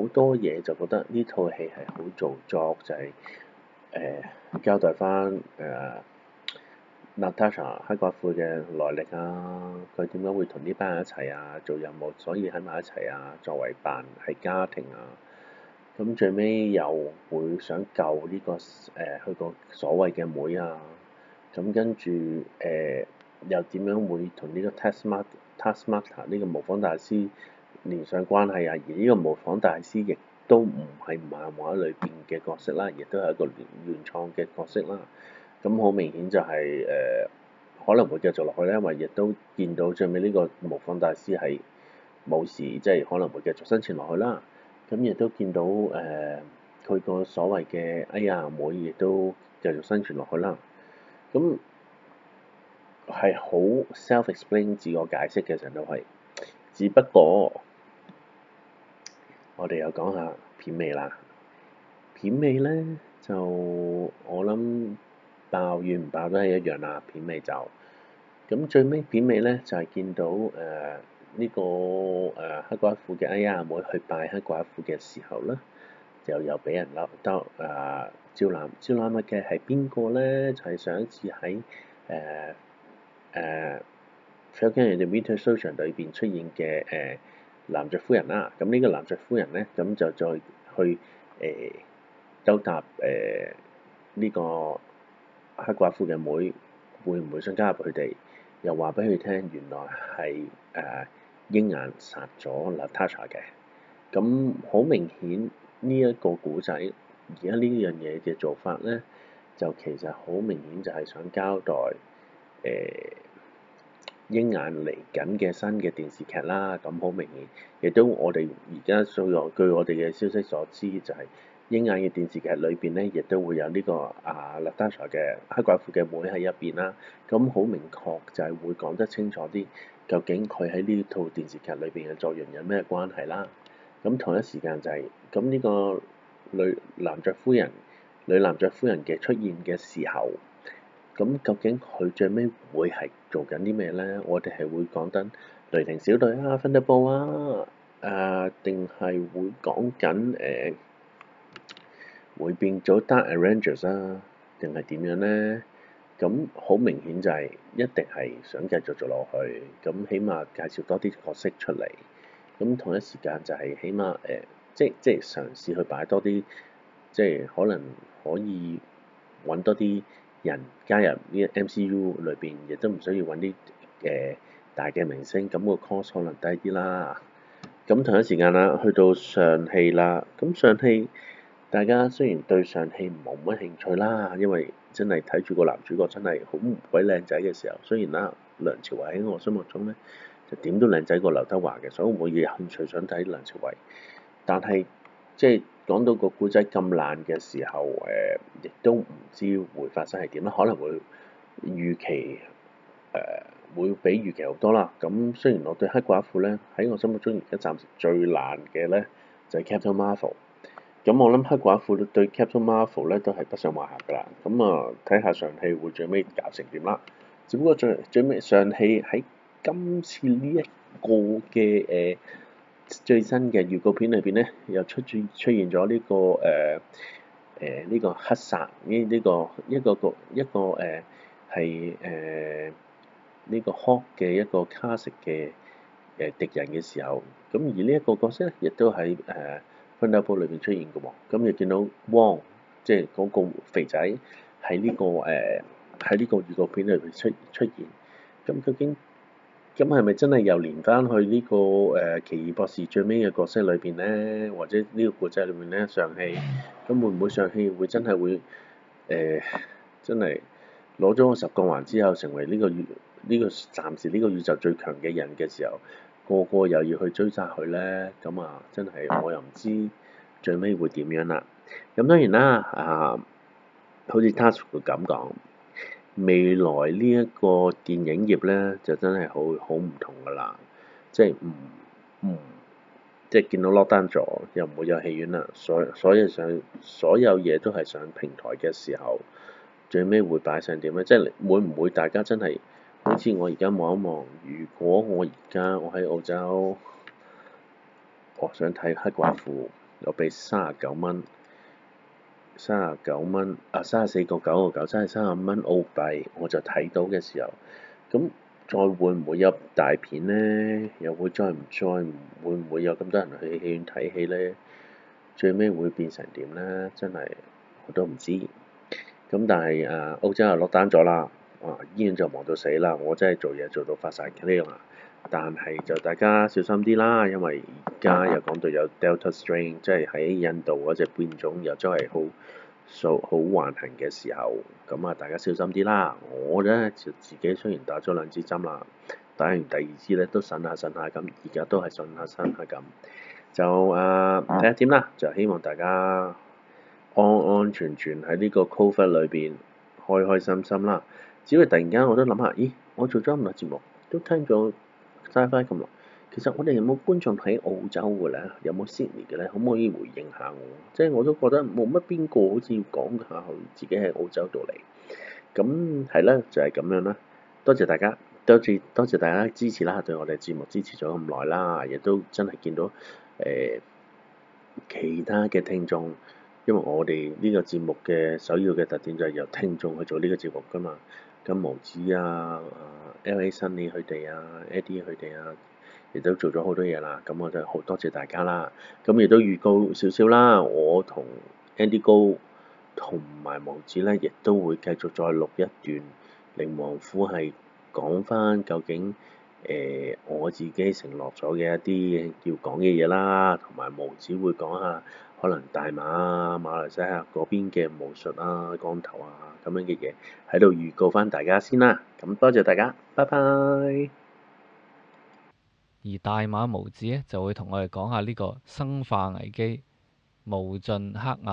好多嘢就覺得呢套戲係好做作仔誒、就係呃、交代翻誒。呃 Natasha 黑寡婦嘅來歷啊，佢點解會同呢班人一齊啊做任務，所以喺埋一齊啊作為扮係家庭啊，咁最尾又會想救呢、呢個誒佢個所謂嘅妹啊，咁跟住誒、呃、又點樣會同呢個 Taskmaster Taskmaster 個模仿大師連上關係啊，而呢個模仿大師亦都唔係漫畫裏邊嘅角色啦，亦都係一個原創嘅角色啦。咁好明顯就係、是、誒、呃、可能會繼續落去啦，因為亦都見到最尾呢個模仿大師係冇事，即係可能會繼續生存落去啦。咁亦都見到誒佢個所謂嘅哎呀，妹亦都繼續生存落去啦。咁係好 self explain 自我解釋嘅程度係，只不過我哋又講下片尾啦。片尾咧就我諗。爆與唔爆都係一樣啦，片尾就咁最尾片尾咧就係、是、見到誒呢、呃這個誒、呃、黑寡婦嘅阿姨阿妹去拜黑寡婦嘅時候啦，就又俾人笠兜誒招攬招攬物嘅係邊個咧？就係、是、上一次喺誒誒《Falcon and the Winter Soldier》場裏邊出現嘅誒男爵夫人啦。咁、啊、呢個男爵夫人咧，咁就再去誒溝搭誒呢個。黑寡婦嘅妹會唔會想加入佢哋？又話俾佢聽，原來係誒鷹眼殺咗 Natasha 嘅。咁好明顯，呢、這、一個古仔而家呢樣嘢嘅做法咧，就其實好明顯就係想交代誒鷹、呃、眼嚟緊嘅新嘅電視劇啦。咁好明顯，亦都我哋而家所據我哋嘅消息所知，就係、是。《鷹眼》嘅電視劇裏邊咧，亦都會有呢、這個啊 l u 嘅黑寡婦嘅妹喺入邊啦。咁好明確就係會講得清楚啲，究竟佢喺呢套電視劇裏邊嘅作用有咩關係啦。咁同一時間就係咁呢個女男爵夫人、女男爵夫人嘅出現嘅時候，咁究竟佢最尾會係做緊啲咩咧？我哋係會講緊雷霆小隊啊、分特布啊，誒定係會講緊誒？呃會變咗 Dark Arrangers 啊，定係點樣咧？咁好明顯就係、是、一定係想繼續做落去，咁起碼介紹多啲角色出嚟。咁同一時間就係起碼誒、呃，即即係嘗試去擺多啲，即係可能可以揾多啲人加入呢個 MCU 裏邊，亦都唔需要揾啲誒大嘅明星，咁、那個 cost 可能低啲啦。咁同一時間啦，去到上戲啦，咁上戲。大家雖然對上戲冇乜興趣啦，因為真係睇住個男主角真係好鬼靚仔嘅時候，雖然啦梁朝偉喺我心目中咧就點都靚仔過劉德華嘅，所以我會有興趣想睇梁朝偉。但係即係講到個古仔咁爛嘅時候，誒、呃、亦都唔知會發生係點啦，可能會預期誒、呃、會比預期好多啦。咁雖然我對黑寡婦咧喺我心目中而家暫時最爛嘅咧就係、是、Captain Marvel。咁我諗黑寡婦對 Captain Marvel 咧都係不相上下㗎啦。咁啊，睇下上戲會最尾搞成點啦。只不過最最尾上戲喺今次呢一個嘅誒、呃、最新嘅預告片裏邊咧，又出出出現咗呢、呢個誒誒呢個黑殺呢呢個一個個一個誒係誒呢個 hot 嘅一個 cast 嘅誒敵人嘅時候，咁而呢一個角色咧亦都係誒。呃分加坡裏邊出現嘅喎，咁、嗯、又見到汪，即係嗰個肥仔喺呢、這個誒喺呢個預告片裏邊出出現，咁、嗯、究竟咁係咪真係又連翻去呢、這個誒、呃、奇異博士最尾嘅角色裏邊咧，或者個故裡呢個角色裏面咧上戲，咁、嗯、會唔會上戲會真係會誒、呃、真係攞咗個十個環之後成為呢、這個宇呢、這個暫時呢個宇宙最強嘅人嘅時候？個個又要去追殺佢咧，咁啊，真係我又唔知最尾會點樣啦。咁當然啦，啊，好似 Tasuku 佢咁講，未來呢一個電影業咧，就真係好好唔同噶啦。即係唔唔，嗯、即係見到 lock down 咗，又唔會有戲院啦。所以所以上所有嘢都係上平台嘅時候，最尾會擺成點咧？即係會唔會大家真係？好似我而家望一望，如果我而家我喺澳洲，我想睇黑寡婦，落畀三啊九蚊，三啊九蚊啊三啊四個九個九，三啊三啊五蚊澳幣，我就睇到嘅時候，咁再會唔會有大片呢？又會再唔再唔會唔會有咁多人去戲院睇戲咧？最尾會變成點咧？真係我都唔知。咁但係誒、啊、澳洲又落單咗啦。啊！醫院就忙到死啦，我真係做嘢做到發曬呢樣。但係就大家小心啲啦，因為而家又講到有 Delta strain，即係喺印度嗰隻變種又真係好數好橫行嘅時候，咁啊大家小心啲啦。我咧就自己雖然打咗兩支針啦，打完第二支咧都呻下呻下咁，而家都係呻下呻下咁。就啊睇下點啦，就希望大家安安全全喺呢個 COVID 裏邊，開開心心啦。只係突然間，我都諗下，咦？我做咗咁耐節目，都聽咗 SciFi 咁耐，其實我哋有冇觀眾喺澳洲嘅咧？有冇 Sydney 嘅咧？可唔可以回應下我？即係我都覺得冇乜邊個好似講下佢自己喺澳洲度嚟。咁係啦，就係、是、咁樣啦。多謝大家，多謝多謝大家支持啦，對我哋節目支持咗咁耐啦，亦都真係見到誒、呃、其他嘅聽眾，因為我哋呢個節目嘅首要嘅特點就係由聽眾去做呢個節目㗎嘛。咁毛子啊，LA 辛尼佢哋啊 Eddie 佢哋啊，亦、啊、都做咗好多嘢啦。咁我就好多謝大家啦。咁亦都預告少少啦。我同 Andy 哥同埋毛子咧，亦都會繼續再錄一段，令王府係講翻究竟誒、呃、我自己承諾咗嘅一啲要講嘅嘢啦，同埋毛子會講下。可能大馬、馬來西亞嗰邊嘅巫術啊、光頭啊咁樣嘅嘢，喺度預告返大家先啦。咁多謝大家，拜拜。而大馬毛子咧，就會同我哋講下呢個《生化危機：無盡黑暗》，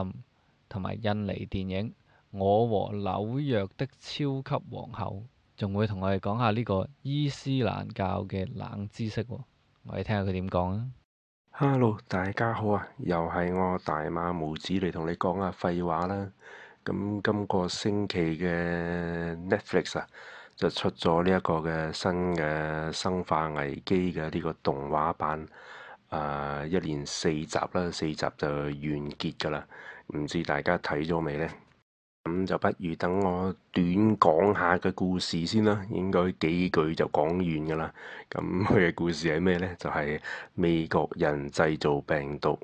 同埋印尼電影《我和紐約的超級皇后》，仲會同我哋講下呢個伊斯蘭教嘅冷知識喎。我哋聽下佢點講啊！哈嘍，Hello, 大家好啊，又係我大馬毛子嚟同你講下廢話啦。咁今個星期嘅 Netflix 啊，就出咗呢一個嘅新嘅生化危機嘅呢個動畫版，啊、呃、一連四集啦，四集就完結噶啦。唔知大家睇咗未咧？咁就不如等我短講下嘅故事先啦，應該幾句就講完噶啦。咁佢嘅故事係咩咧？就係、是、美國人製造病毒，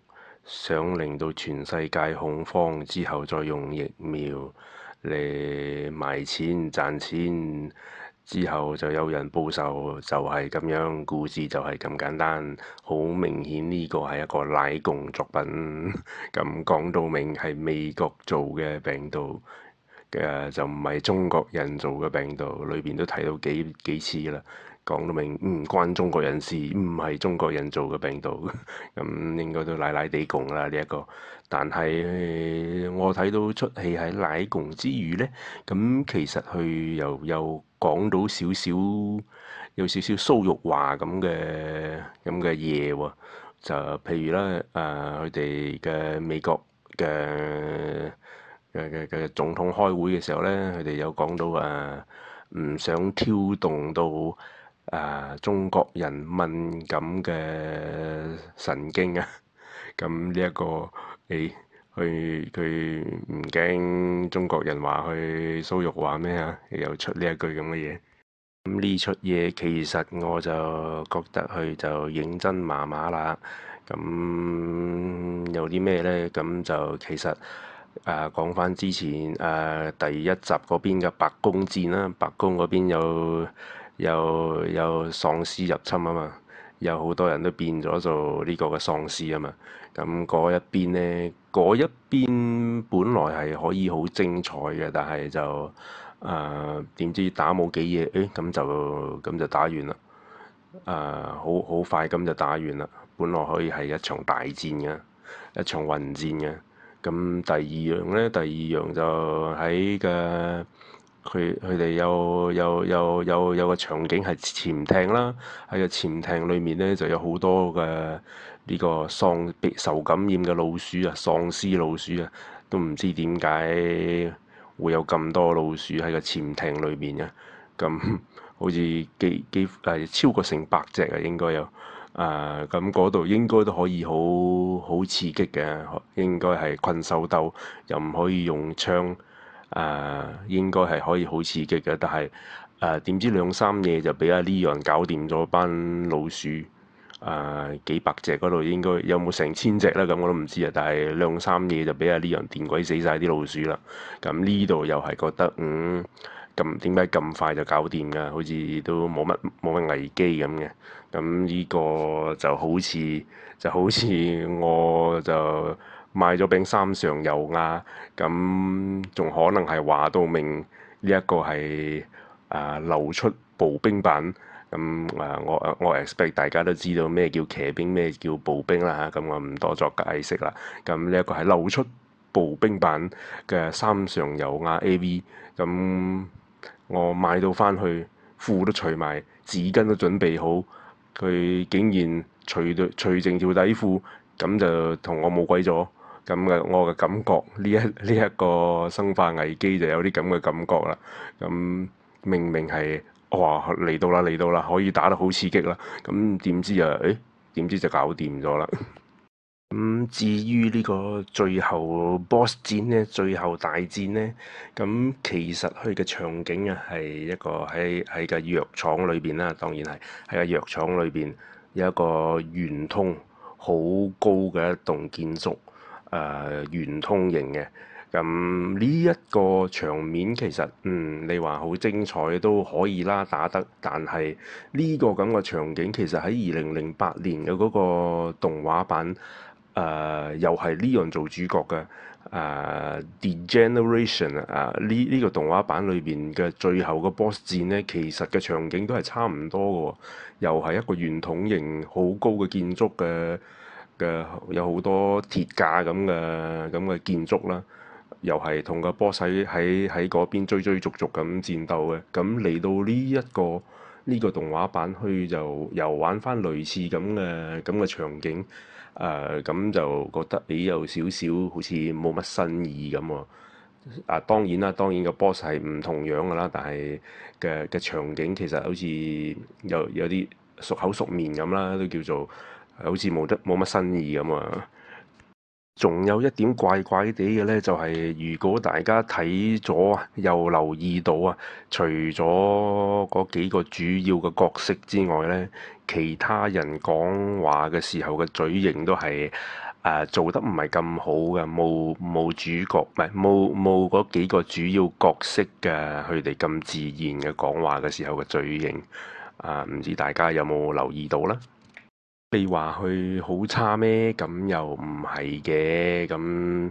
想令到全世界恐慌之後，再用疫苗嚟賣錢賺錢。之後就有人報仇，就係咁樣故事，就係咁簡單。好明顯呢個係一個奶共作品，咁講到明係美國做嘅病毒嘅，就唔係中國人做嘅病毒。裏邊都睇到幾幾次啦，講到明唔關中國人事，唔係中國人做嘅病毒，咁應該都奶奶地共啦呢一個。但係我睇到出戲喺奶共之餘咧，咁其實佢又有講到少少有少少蘇玉華咁嘅咁嘅嘢喎，就譬如咧誒，佢哋嘅美國嘅嘅嘅嘅總統開會嘅時候咧，佢哋有講到誒唔、呃、想挑動到誒、呃、中國人敏感嘅神經啊，咁呢一個你。佢佢唔驚中國人話佢騷擾，話咩啊？又出呢一句咁嘅嘢咁呢出嘢，其實我就覺得佢就認真麻麻啦。咁有啲咩呢？咁就其實啊，講翻之前啊，第一集嗰邊嘅白宮戰啦，白宮嗰邊有有有，有喪屍入侵啊嘛，有好多人都變咗做呢個嘅喪屍啊嘛，咁嗰一邊呢。嗰一邊本來係可以好精彩嘅，但係就誒點、呃、知打冇幾嘢，誒、欸、咁就咁就打完啦。誒好好快咁就打完啦。本來可以係一場大戰嘅，一場混戰嘅。咁第二樣咧，第二樣就喺嘅佢佢哋有有有有有個場景係潛艇啦，喺個潛艇裡面咧就有好多嘅。呢個喪被受感染嘅老鼠啊，喪屍老鼠啊，都唔知點解會有咁多老鼠喺個潛艇裏面啊。咁好似幾幾誒、啊、超過成百隻啊，應該有，啊咁嗰度應該都可以好好刺激嘅，應該係困獸鬥又唔可以用槍，啊應該係可以好刺激嘅，但係誒點知兩三夜就俾阿 Leon 搞掂咗班老鼠。誒、呃、幾百隻嗰度應該有冇成千隻啦，咁我都唔知啊。但係兩三夜就畀阿呢樣電鬼死晒啲老鼠啦。咁呢度又係覺得嗯咁點解咁快就搞掂㗎？好似都冇乜冇乜危機咁嘅。咁呢個就好似就好似我就買咗餅三上油壓、啊。咁仲可能係話到明呢一個係誒、呃、流出步兵版。咁誒、嗯，我我 expect 大家都知道咩叫騎兵，咩叫步兵啦嚇。咁、啊嗯、我唔多作解釋啦。咁呢一個係流出步兵版嘅三上悠亞 AV。咁我買到翻去褲都除埋，紙巾都準備好，佢竟然除到除剩條底褲，咁就同我冇鬼咗。咁、嗯、嘅我嘅感覺，呢一呢一、呢個生化危機就有啲咁嘅感覺啦。咁、嗯、明明係～哇！嚟、哦、到啦，嚟到啦，可以打得好刺激啦。咁點知啊？誒點知就搞掂咗啦。咁 <laughs> 至於呢個最後 BOSS 戰呢，最後大戰呢，咁其實佢嘅場景啊，係一個喺喺個藥廠裏邊啦。當然係喺個藥廠裏邊有一個圓通好高嘅一棟建築，誒、呃、圓通型嘅。咁呢一個場面其實，嗯，你話好精彩都可以啦，打得。但係呢、這個咁嘅場景其實喺二零零八年嘅嗰個動畫版，誒、呃、又係 Leon 做主角嘅，誒、呃《Degeneration》啊，呢呢、這個動畫版裏邊嘅最後嘅 boss 戰呢，其實嘅場景都係差唔多嘅，又係一個圓筒形、好高嘅建築嘅嘅，有好多鐵架咁嘅咁嘅建築啦。又係同個波 o 喺喺喺嗰邊追追逐逐咁戰鬥嘅，咁嚟到呢、這、一個呢、這個動畫版去就又玩翻類似咁嘅咁嘅場景，誒、呃、咁就覺得咦有少少好似冇乜新意咁喎、啊。啊當然啦，當然個波 o 係唔同樣㗎啦，但係嘅嘅場景其實好似有有啲熟口熟面咁啦，都叫做好似冇得冇乜新意咁啊。仲有一點怪怪地嘅咧，就係如果大家睇咗啊，又留意到啊，除咗嗰幾個主要嘅角色之外咧，其他人講話嘅時候嘅嘴型都係誒做得唔係咁好嘅，冇冇主角唔係冇冇嗰幾個主要角色嘅佢哋咁自然嘅講話嘅時候嘅嘴型啊，呃，唔知大家有冇留意到啦？你話佢好差咩？咁又唔係嘅。咁誒，咁、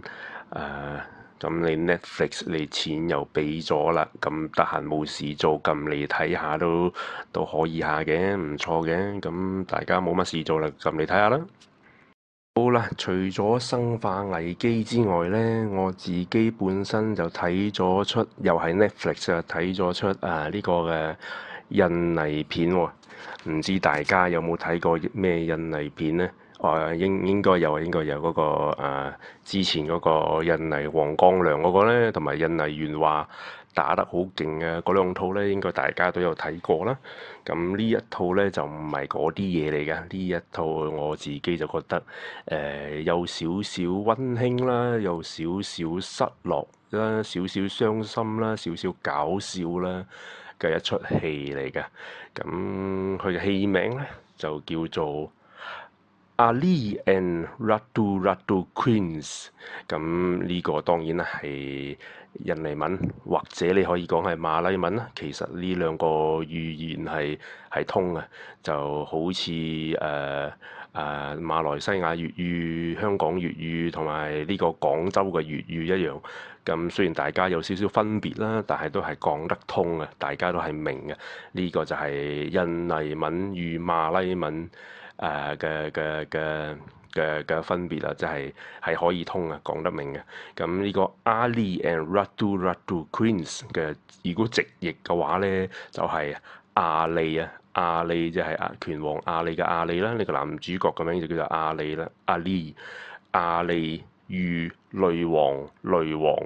呃、你 Netflix 你錢又畀咗啦。咁得閒冇事做，咁嚟睇下都都可以下嘅，唔錯嘅。咁大家冇乜事做啦，咁嚟睇下啦。好啦，除咗生化危機之外咧，我自己本身就睇咗出，又係 Netflix 睇咗出誒呢、啊呢個嘅、啊、印尼片喎、哦。唔知大家有冇睇過咩印尼片呢？誒、啊，應應該有，應該有嗰、那個、呃、之前嗰個印尼王光良嗰個咧，同埋印尼言話打得好勁嘅嗰兩套呢，應該大家都有睇過啦。咁呢一套呢就唔係嗰啲嘢嚟嘅，呢一套我自己就覺得誒、呃、有少少溫馨啦，有少少失落啦，少少傷心啦，少少搞笑啦嘅一出戲嚟嘅。咁佢嘅戲名咧就叫做《Ali and Ratu Ratu Queens》。咁、這、呢個當然係印尼文，或者你可以講係馬拉文啦。其實呢兩個語言係係通嘅，就好似誒誒馬來西亞粵語、香港粵語同埋呢個廣州嘅粵語一樣。咁、嗯、雖然大家有少少分別啦，但係都係講得通啊！大家都係明嘅，呢、這個就係印尼文與馬來文誒嘅嘅嘅嘅嘅分別啦，即係係可以通啊，講得明嘅。咁、嗯、呢、這個阿里 and Ratu Ratu Queens 嘅，如果直譯嘅話咧，就係、是、阿里啊，阿里即係拳王阿里嘅阿里啦。呢、這個男主角嘅名就叫做阿里啦阿里，阿里與雷王雷王，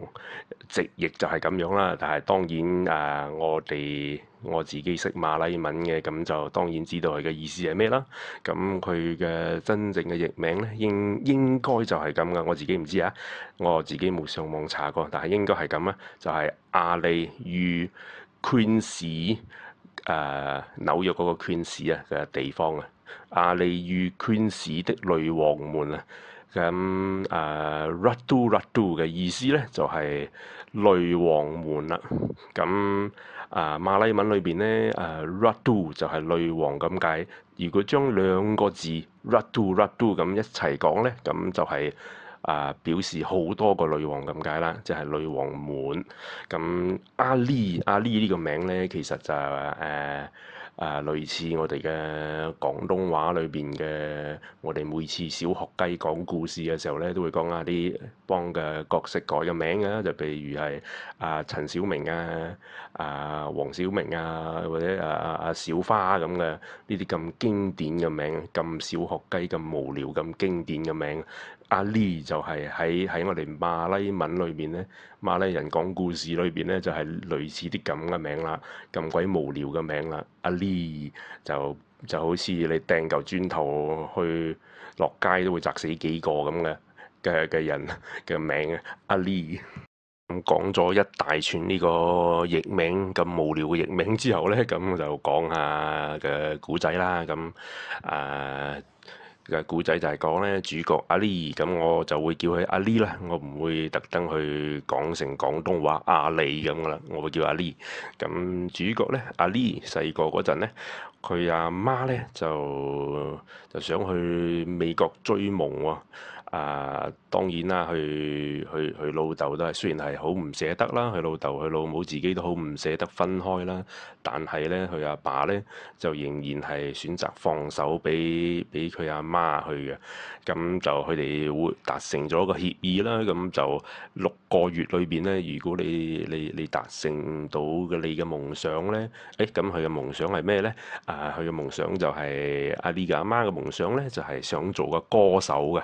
直譯就係咁樣啦，但係當然誒、呃，我哋我自己識馬來文嘅，咁就當然知道佢嘅意思係咩啦。咁佢嘅真正嘅譯名咧，應應該就係咁噶，我自己唔知啊，我自己冇上網查過，但係應該係咁啊，就係、是、亞利與 Queens 市誒、呃、紐約嗰個 Queens 市啊嘅地方啊，亞利與 Queens 市的雷王們啊！咁誒、啊、Ratu Ratu 嘅意思咧就係、是、女王門啦。咁誒、啊、馬來文裏邊咧誒 Ratu 就係女王咁解。如果將兩個字 Ratu Ratu 咁一齊講咧，咁就係、是、誒、啊、表示好多個女王咁解啦，即係女王門。咁 Ali Ali 呢個名咧，其實就係、是、誒。呃誒、啊、類似我哋嘅廣東話裏邊嘅，我哋每次小學雞講故事嘅時候咧，都會講下啲幫嘅角色改嘅名嘅，就譬如係啊陳小明啊，啊黃小明啊，或者啊啊小花咁嘅呢啲咁經典嘅名，咁小學雞咁無聊咁經典嘅名。阿 Li 就係喺喺我哋馬拉文裏面咧，馬拉人講故事裏邊咧，就係、是、類似啲咁嘅名啦，咁鬼無聊嘅名啦。阿 Li 就就好似你掟嚿磚頭去落街都會砸死幾個咁嘅嘅嘅人嘅名啊。阿 Li 咁 <laughs> 講咗一大串呢個譯名咁無聊嘅譯名之後咧，咁就講下嘅古仔啦。咁啊～、呃個故仔就係講咧，主角阿 Lee，咁我就會叫佢阿 Lee 啦，我唔會特登去講成廣東話阿李咁噶啦，我會叫阿 Lee。咁主角咧，阿 Lee 細個嗰陣咧，佢阿媽咧就就想去美國追夢喎。啊，當然啦，佢佢佢老豆都係雖然係好唔捨得啦，佢老豆佢老母自己都好唔捨得分開啦，但係咧佢阿爸咧就仍然係選擇放手俾俾佢阿媽去嘅，咁就佢哋會達成咗個協議啦。咁就六個月裏邊咧，如果你你你達成到嘅你嘅夢想咧，誒咁佢嘅夢想係咩咧？啊，佢嘅夢想就係、是、阿莉嘅阿媽嘅夢想咧，就係、是、想做個歌手嘅。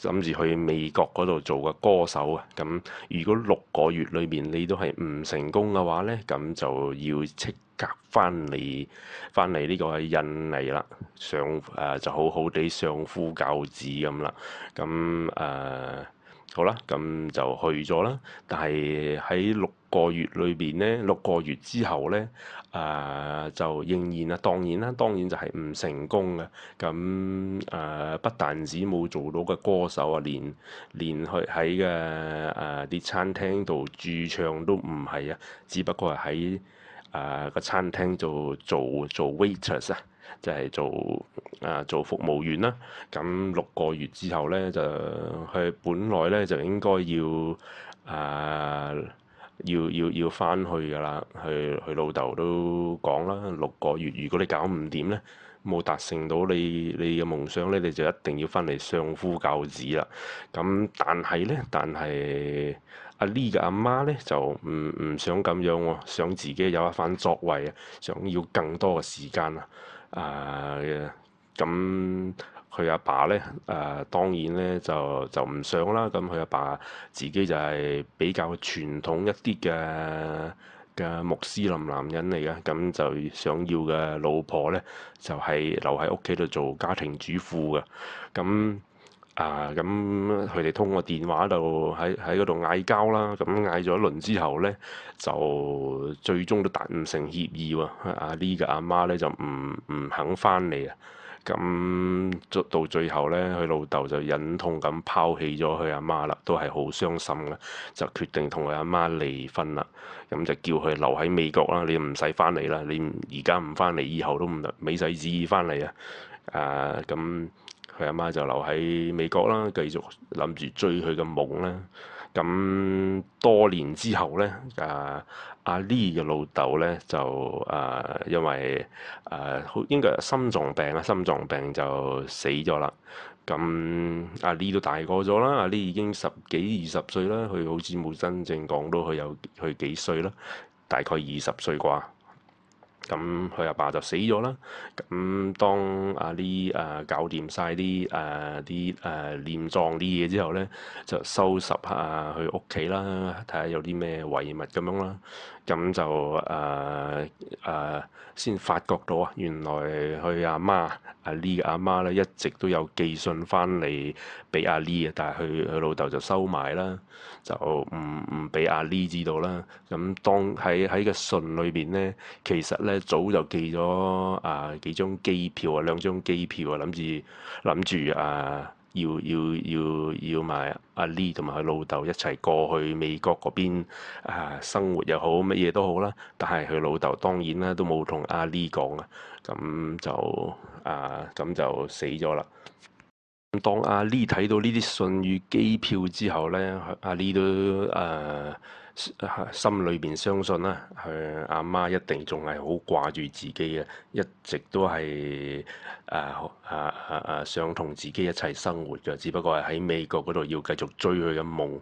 諗住去美國嗰度做個歌手啊！咁如果六個月裏面你都係唔成功嘅話咧，咁就要即刻翻嚟翻嚟呢個印尼啦，上誒、呃、就好好哋相夫教子咁啦，咁誒。呃好啦，咁、嗯、就去咗啦。但係喺六個月裏邊呢，六個月之後呢，誒、呃、就仍然啦，當然啦，當然就係唔成功嘅。咁、嗯、誒、呃、不但止冇做到嘅歌手啊，連連去喺嘅誒啲餐廳度駐唱都唔係啊，只不過係喺誒個餐廳做做做 waitress 啊。就係做啊，做服務員啦。咁六個月之後咧，就佢本來咧就應該要啊，要要要翻去㗎啦。佢佢老豆都講啦，六個月如果你搞唔掂咧，冇達成到你你嘅夢想咧，你就一定要翻嚟相夫教子啦。咁但係咧，但係阿呢嘅阿媽咧就唔唔想咁樣喎，想自己有一番作為啊，想要更多嘅時間啊。啊，咁佢阿爸咧，啊、呃、當然咧就就唔想啦。咁佢阿爸自己就係比較傳統一啲嘅嘅穆斯林男人嚟嘅，咁就想要嘅老婆咧就係、是、留喺屋企度做家庭主婦嘅，咁。啊，咁佢哋通過電話度喺喺嗰度嗌交啦，咁嗌咗一輪之後呢，就最終都達唔成協議喎。啊呢個阿媽呢，就唔唔肯返嚟啊，咁到最後呢，佢老豆就忍痛咁拋棄咗佢阿媽啦，都係好傷心噶，就決定同佢阿媽離婚啦，咁就叫佢留喺美國啦，你唔使返嚟啦，你而家唔返嚟，以後都唔得，咪使旨意返嚟啊，啊咁。佢阿媽就留喺美國啦，繼續諗住追佢嘅夢啦。咁多年之後咧，啊阿 Lee 嘅老豆咧就啊因為啊應該係心臟病啊，心臟病就死咗啦。咁阿 Lee 都大個咗啦，阿 Lee 已經十幾二十歲啦，佢好似冇真正講到佢有佢幾，幾歲啦，大概二十歲啩。咁佢阿爸就死咗啦。咁當阿啲誒搞掂晒啲誒啲誒殮葬啲嘢之後呢，就收拾下佢屋企啦，睇下有啲咩遺物咁樣啦。咁就誒誒、呃呃、先發覺到啊，原來佢阿媽阿 Lee 阿媽咧一直都有寄信翻嚟俾阿 Lee，但係佢佢老豆就收埋啦，就唔唔俾阿 Lee 知道啦。咁當喺喺個信裏面咧，其實咧早就寄咗啊、呃、幾張機票啊兩張機票啊，諗住諗住啊。要要要要埋阿 Lee 同埋佢老豆一齊過去美國嗰邊啊，生活又好乜嘢都好啦，但係佢老豆當然啦都冇同阿 Lee 講啊，咁就啊咁就死咗啦。當阿 Lee 睇到呢啲信與機票之後呢，阿 Lee 都誒。啊心裏邊相信啦，佢阿媽一定仲係好掛住自己嘅，一直都係啊啊啊想同自己一齊生活嘅，只不過係喺美國嗰度要繼續追佢嘅夢。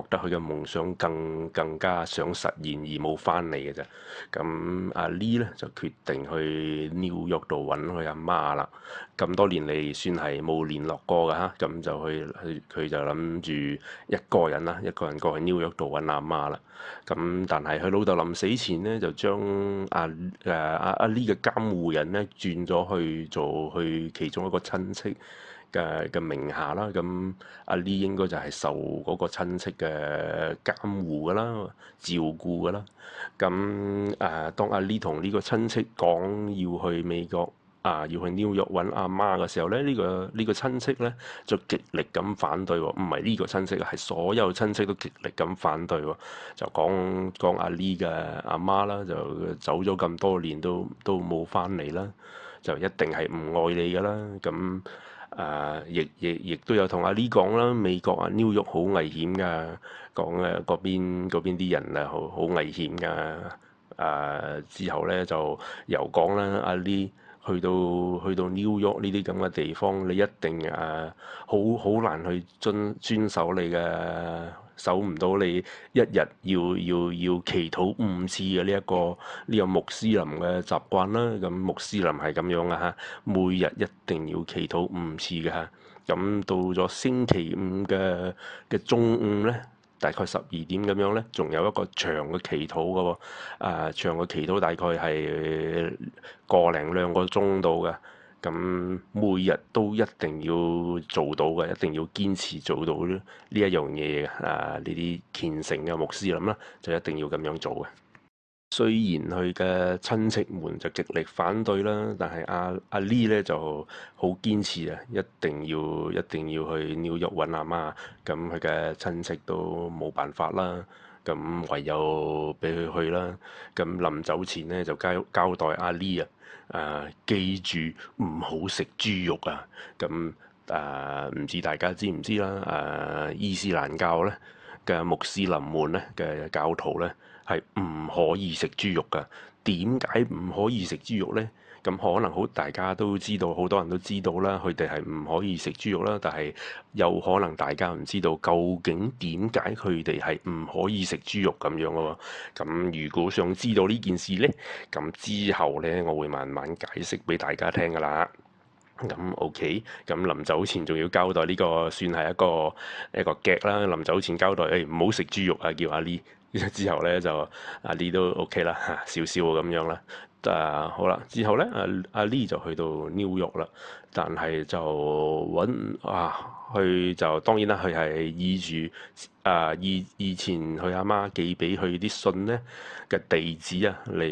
覺得佢嘅夢想更更加想實現而冇翻嚟嘅啫，咁阿 Lee 咧就決定去 New York 度揾佢阿媽啦。咁多年嚟算係冇聯絡過嘅嚇，咁就去去佢就諗住一個人啦，一個人過去 New York 度揾阿媽啦。咁但係佢老豆臨死前咧，就將阿誒阿、啊啊、阿 Lee 嘅監護人咧轉咗去做佢其中一個親戚。嘅名下啦，咁阿 Li 應該就係受嗰個親戚嘅監護㗎啦，照顧㗎啦。咁誒、呃，當阿 Li 同呢個親戚講要去美國啊，要去紐約揾阿媽嘅時候咧，呢、呢個呢、呢個親戚咧就極力咁反對，唔係呢個親戚啊，係所有親戚都極力咁反對，就講講阿 Li 嘅阿媽啦，就走咗咁多年都都冇返嚟啦，就一定係唔愛你㗎啦咁。啊！亦亦亦都有同阿 Li 講啦，美國啊，紐約好危險㗎，講誒嗰邊，嗰邊啲人啊，好好危險㗎。啊！之後咧就又講啦，阿、啊、Li 去到去到紐約呢啲咁嘅地方，你一定誒、啊、好好難去遵遵守你嘅。守唔到你一日要要要祈禱五次嘅呢一個呢個穆斯林嘅習慣啦。咁穆斯林係咁樣啊，哈，每日一定要祈禱五次嘅哈。咁到咗星期五嘅嘅中午咧，大概十二點咁樣咧，仲有一個長嘅祈禱嘅喎。啊、呃，長嘅祈禱大概係個零兩個鐘度嘅。咁每日都一定要做到嘅，一定要堅持做到呢一樣嘢啊，呢啲虔誠嘅穆斯林咁啦，就一定要咁樣做嘅。雖然佢嘅親戚們就極力反對啦，但係阿阿 Li 咧就好堅持啊，一定要一定要去紐約揾阿媽，媽，咁佢嘅親戚都冇辦法啦。咁唯有畀佢去啦。咁臨走前呢，就交交代阿 Lee 啊，誒記住唔好食豬肉啊。咁誒唔知大家知唔知啦？誒、啊、伊斯蘭教咧嘅穆斯林們咧嘅教徒咧係唔可以食豬肉㗎。點解唔可以食豬肉咧？咁可能好，大家都知道，好多人都知道啦。佢哋係唔可以食豬肉啦，但係有可能大家唔知道究竟點解佢哋係唔可以食豬肉咁樣咯啊。咁如果想知道呢件事呢，咁之後呢，我會慢慢解釋俾大家聽噶啦。咁 OK，咁臨走前仲要交代呢個算係一個一個夾啦。臨走前交代，誒唔好食豬肉啊，叫阿 Lee。之後呢就阿 Lee 都 OK 啦，少少咁樣啦。啊，好啦，之後咧，阿阿 Lee 就去到 New York 啦，但係就揾啊，佢就當然啦，佢係意住。啊！以以前佢阿媽寄俾佢啲信呢，嘅地址啊，嚟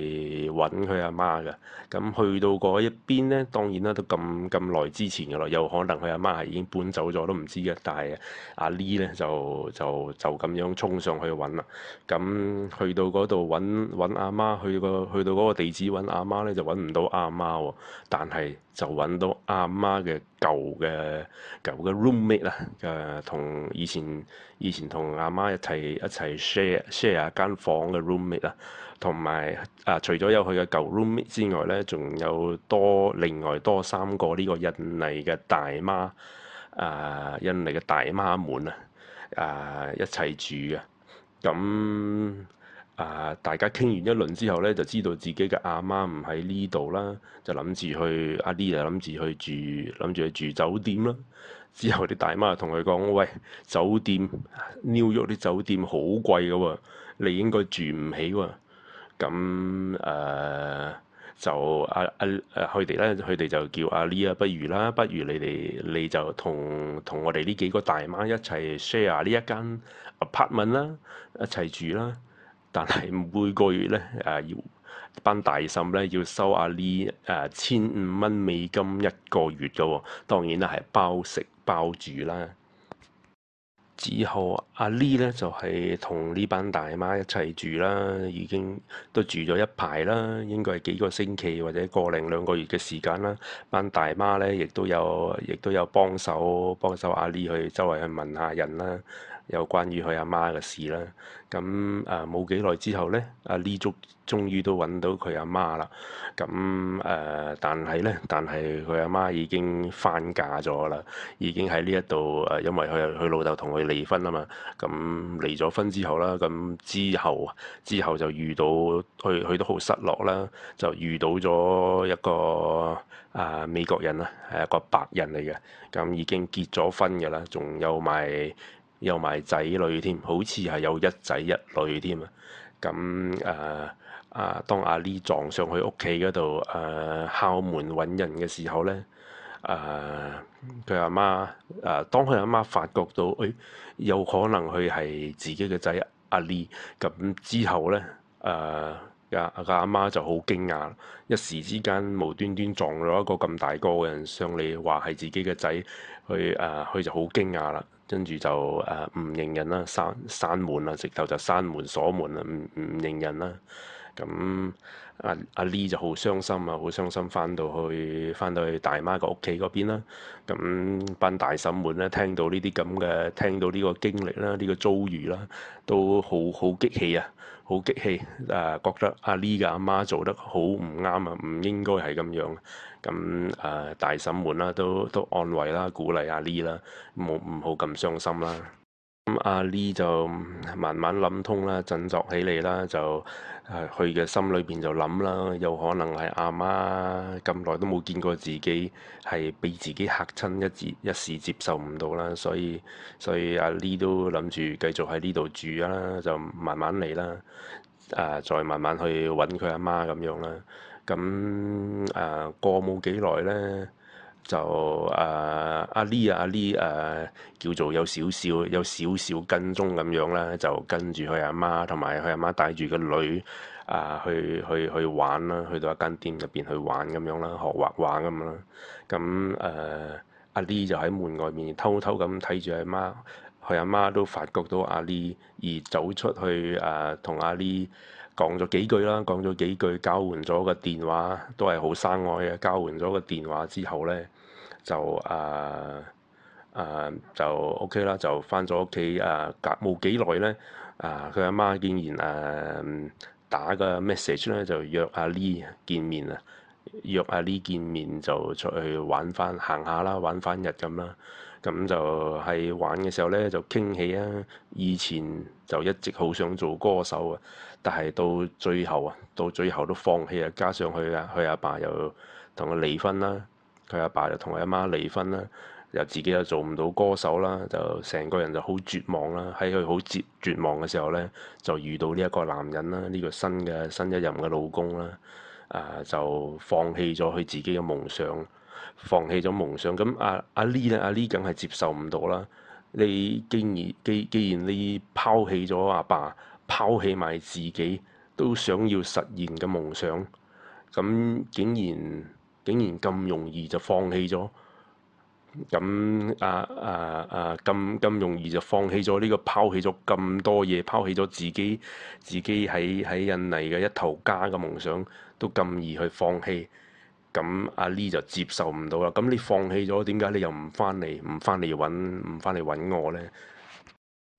揾佢阿媽嘅。咁去到嗰一邊呢，當然啦，都咁咁耐之前嘅咯，有可能佢阿媽係已經搬走咗都唔知嘅。但係阿 Li 呢就就就咁樣衝上去揾啦。咁去到嗰度揾揾阿媽，去個去到嗰個地址揾阿媽呢，就揾唔到阿媽喎，但係就揾到阿媽嘅舊嘅舊嘅 roommate 啦、啊。誒，同以前。以前同阿媽一齊一齊 share share 間房嘅 roommate 啊，同埋啊除咗有佢嘅舊 roommate 之外咧，仲有多另外多三個呢個印尼嘅大媽啊，印尼嘅大媽們啊，一啊一齊住嘅，咁啊大家傾完一輪之後咧，就知道自己嘅阿媽唔喺呢度啦，就諗住去阿 Lily 就諗住去住諗住去住酒店啦。之後啲大媽就同佢講：喂，酒店 New York 啲酒店好貴嘅喎，你應該住唔起喎。咁誒、呃、就阿阿誒佢哋咧，佢、啊、哋、啊、就叫阿 Lee 啊，不如啦，不如你哋你就同同我哋呢幾個大媽一齊 share 呢一間 apartment 啦，一齊住啦。但係每個月咧誒、呃、要班大嬸咧要收阿 Lee 千五蚊美金一個月嘅喎，當然啦係包食。包住啦。之後阿 Lee 呢就係同呢班大媽一齊住啦，已經都住咗一排啦，應該係幾個星期或者個零兩個月嘅時間啦。班大媽呢亦都有，亦都有幫手幫手阿 Lee 去周圍去問下人啦。有關於佢阿媽嘅事啦，咁誒冇幾耐之後呢，阿呢竹終於都揾到佢阿媽啦。咁誒、啊，但係呢，但係佢阿媽已經翻嫁咗啦，已經喺呢一度誒，因為佢佢老豆同佢離婚啊嘛。咁離咗婚之後啦，咁之後之後就遇到佢，佢都好失落啦。就遇到咗一個啊美國人啦，係一個白人嚟嘅，咁已經結咗婚㗎啦，仲有埋。又有埋仔女添，好似係有一仔一女添啊。咁、嗯、誒啊，當阿 Lee 撞上去屋企嗰度誒敲門揾人嘅時候咧，誒佢阿媽誒當佢阿媽發覺到誒、哎、有可能佢係自己嘅仔阿 Lee，咁之後咧誒阿阿阿媽就好驚訝，一時之間無端端撞咗一個咁大個嘅人上嚟，話係自己嘅仔，佢誒佢就好驚訝啦。跟住就誒唔認人啦，閂閂門啦，直頭就閂門鎖門啦，唔唔認人啦。咁阿阿 L 就好傷心啊，好傷心，翻到去翻到去大媽個屋企嗰邊啦。咁班大嬸們咧聽到呢啲咁嘅，聽到呢個經歷啦，呢個遭遇啦，都好好激氣啊，好激氣啊、呃，覺得阿 L 嘅阿媽做得好唔啱啊，唔應該係咁樣。咁誒、呃，大嬸們啦，都都安慰啦，鼓勵阿 Li 啦，冇唔好咁傷心啦。咁阿 Li 就慢慢諗通啦，振作起嚟啦，就誒，佢、呃、嘅心裏邊就諗啦，有可能係阿媽咁耐都冇見過自己，係俾自己嚇親一時，一時接受唔到啦。所以所以阿 Li 都諗住繼續喺呢度住啦，就慢慢嚟啦，誒、呃，再慢慢去揾佢阿媽咁樣啦。咁誒、呃、過冇幾耐咧，就誒、呃、阿 Lee 阿 Lee、呃、叫做有少少有少少跟蹤咁樣啦，就跟住佢阿媽同埋佢阿媽帶住個女啊、呃、去去去玩啦，去到一間店入邊去玩咁樣啦，學畫畫咁樣啦。咁誒、呃、阿 Lee 就喺門外面偷偷咁睇住阿媽，佢阿媽都發覺到阿 Lee 而走出去誒同、呃、阿 Lee 講咗幾句啦，講咗幾句，交換咗個電話都係好生愛嘅。交換咗個電話之後咧，就誒誒就 OK 啦，就返咗屋企誒。隔冇幾耐咧，啊佢阿媽竟然誒、啊、打個 message 咧，就約阿 Lee 見面啊，約阿 Lee 見面就出去玩返行下啦，玩返日咁啦。咁就係玩嘅時候咧，就傾起啊。以前就一直好想做歌手啊。但係到最後啊，到最後都放棄啊！加上佢啊，佢阿爸又同佢離婚啦，佢阿爸又同佢阿媽離婚啦，又自己又做唔到歌手啦，就成個人就好絕望啦！喺佢好絕絕望嘅時候呢，就遇到呢一個男人啦，呢個新嘅新一任嘅老公啦，啊就放棄咗佢自己嘅夢想，放棄咗夢想。咁阿阿 L 呢？阿 L 梗係接受唔到啦！你既然既既然你拋棄咗阿爸。拋棄埋自己都想要實現嘅夢想，咁竟然竟然咁容易就放棄咗，咁啊啊啊咁咁容易就放棄咗呢個拋棄咗咁多嘢，拋棄咗自己自己喺喺印尼嘅一頭家嘅夢想，都咁易去放棄，咁阿 Lee 就接受唔到啦。咁你放棄咗，點解你又唔翻嚟唔翻嚟揾唔翻嚟揾我咧？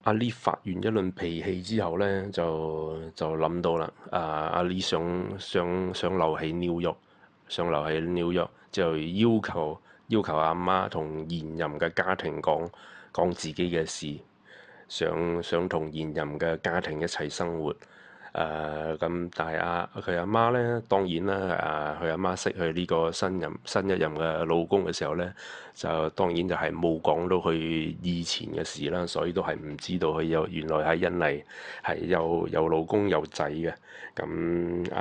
阿 Lee 發完一輪脾氣之後咧，就就諗到啦，啊阿 Lee 想想想留喺紐約，想留喺紐約，就要求要求阿媽同現任嘅家庭講講自己嘅事，想想同現任嘅家庭一齊生活。誒咁、呃，但係阿佢阿媽咧，當然啦、啊，誒佢阿媽識佢呢個新任新一任嘅老公嘅時候咧，就當然就係冇講到佢以前嘅事啦，所以都係唔知道佢有原來喺印尼係有有老公有仔嘅。咁誒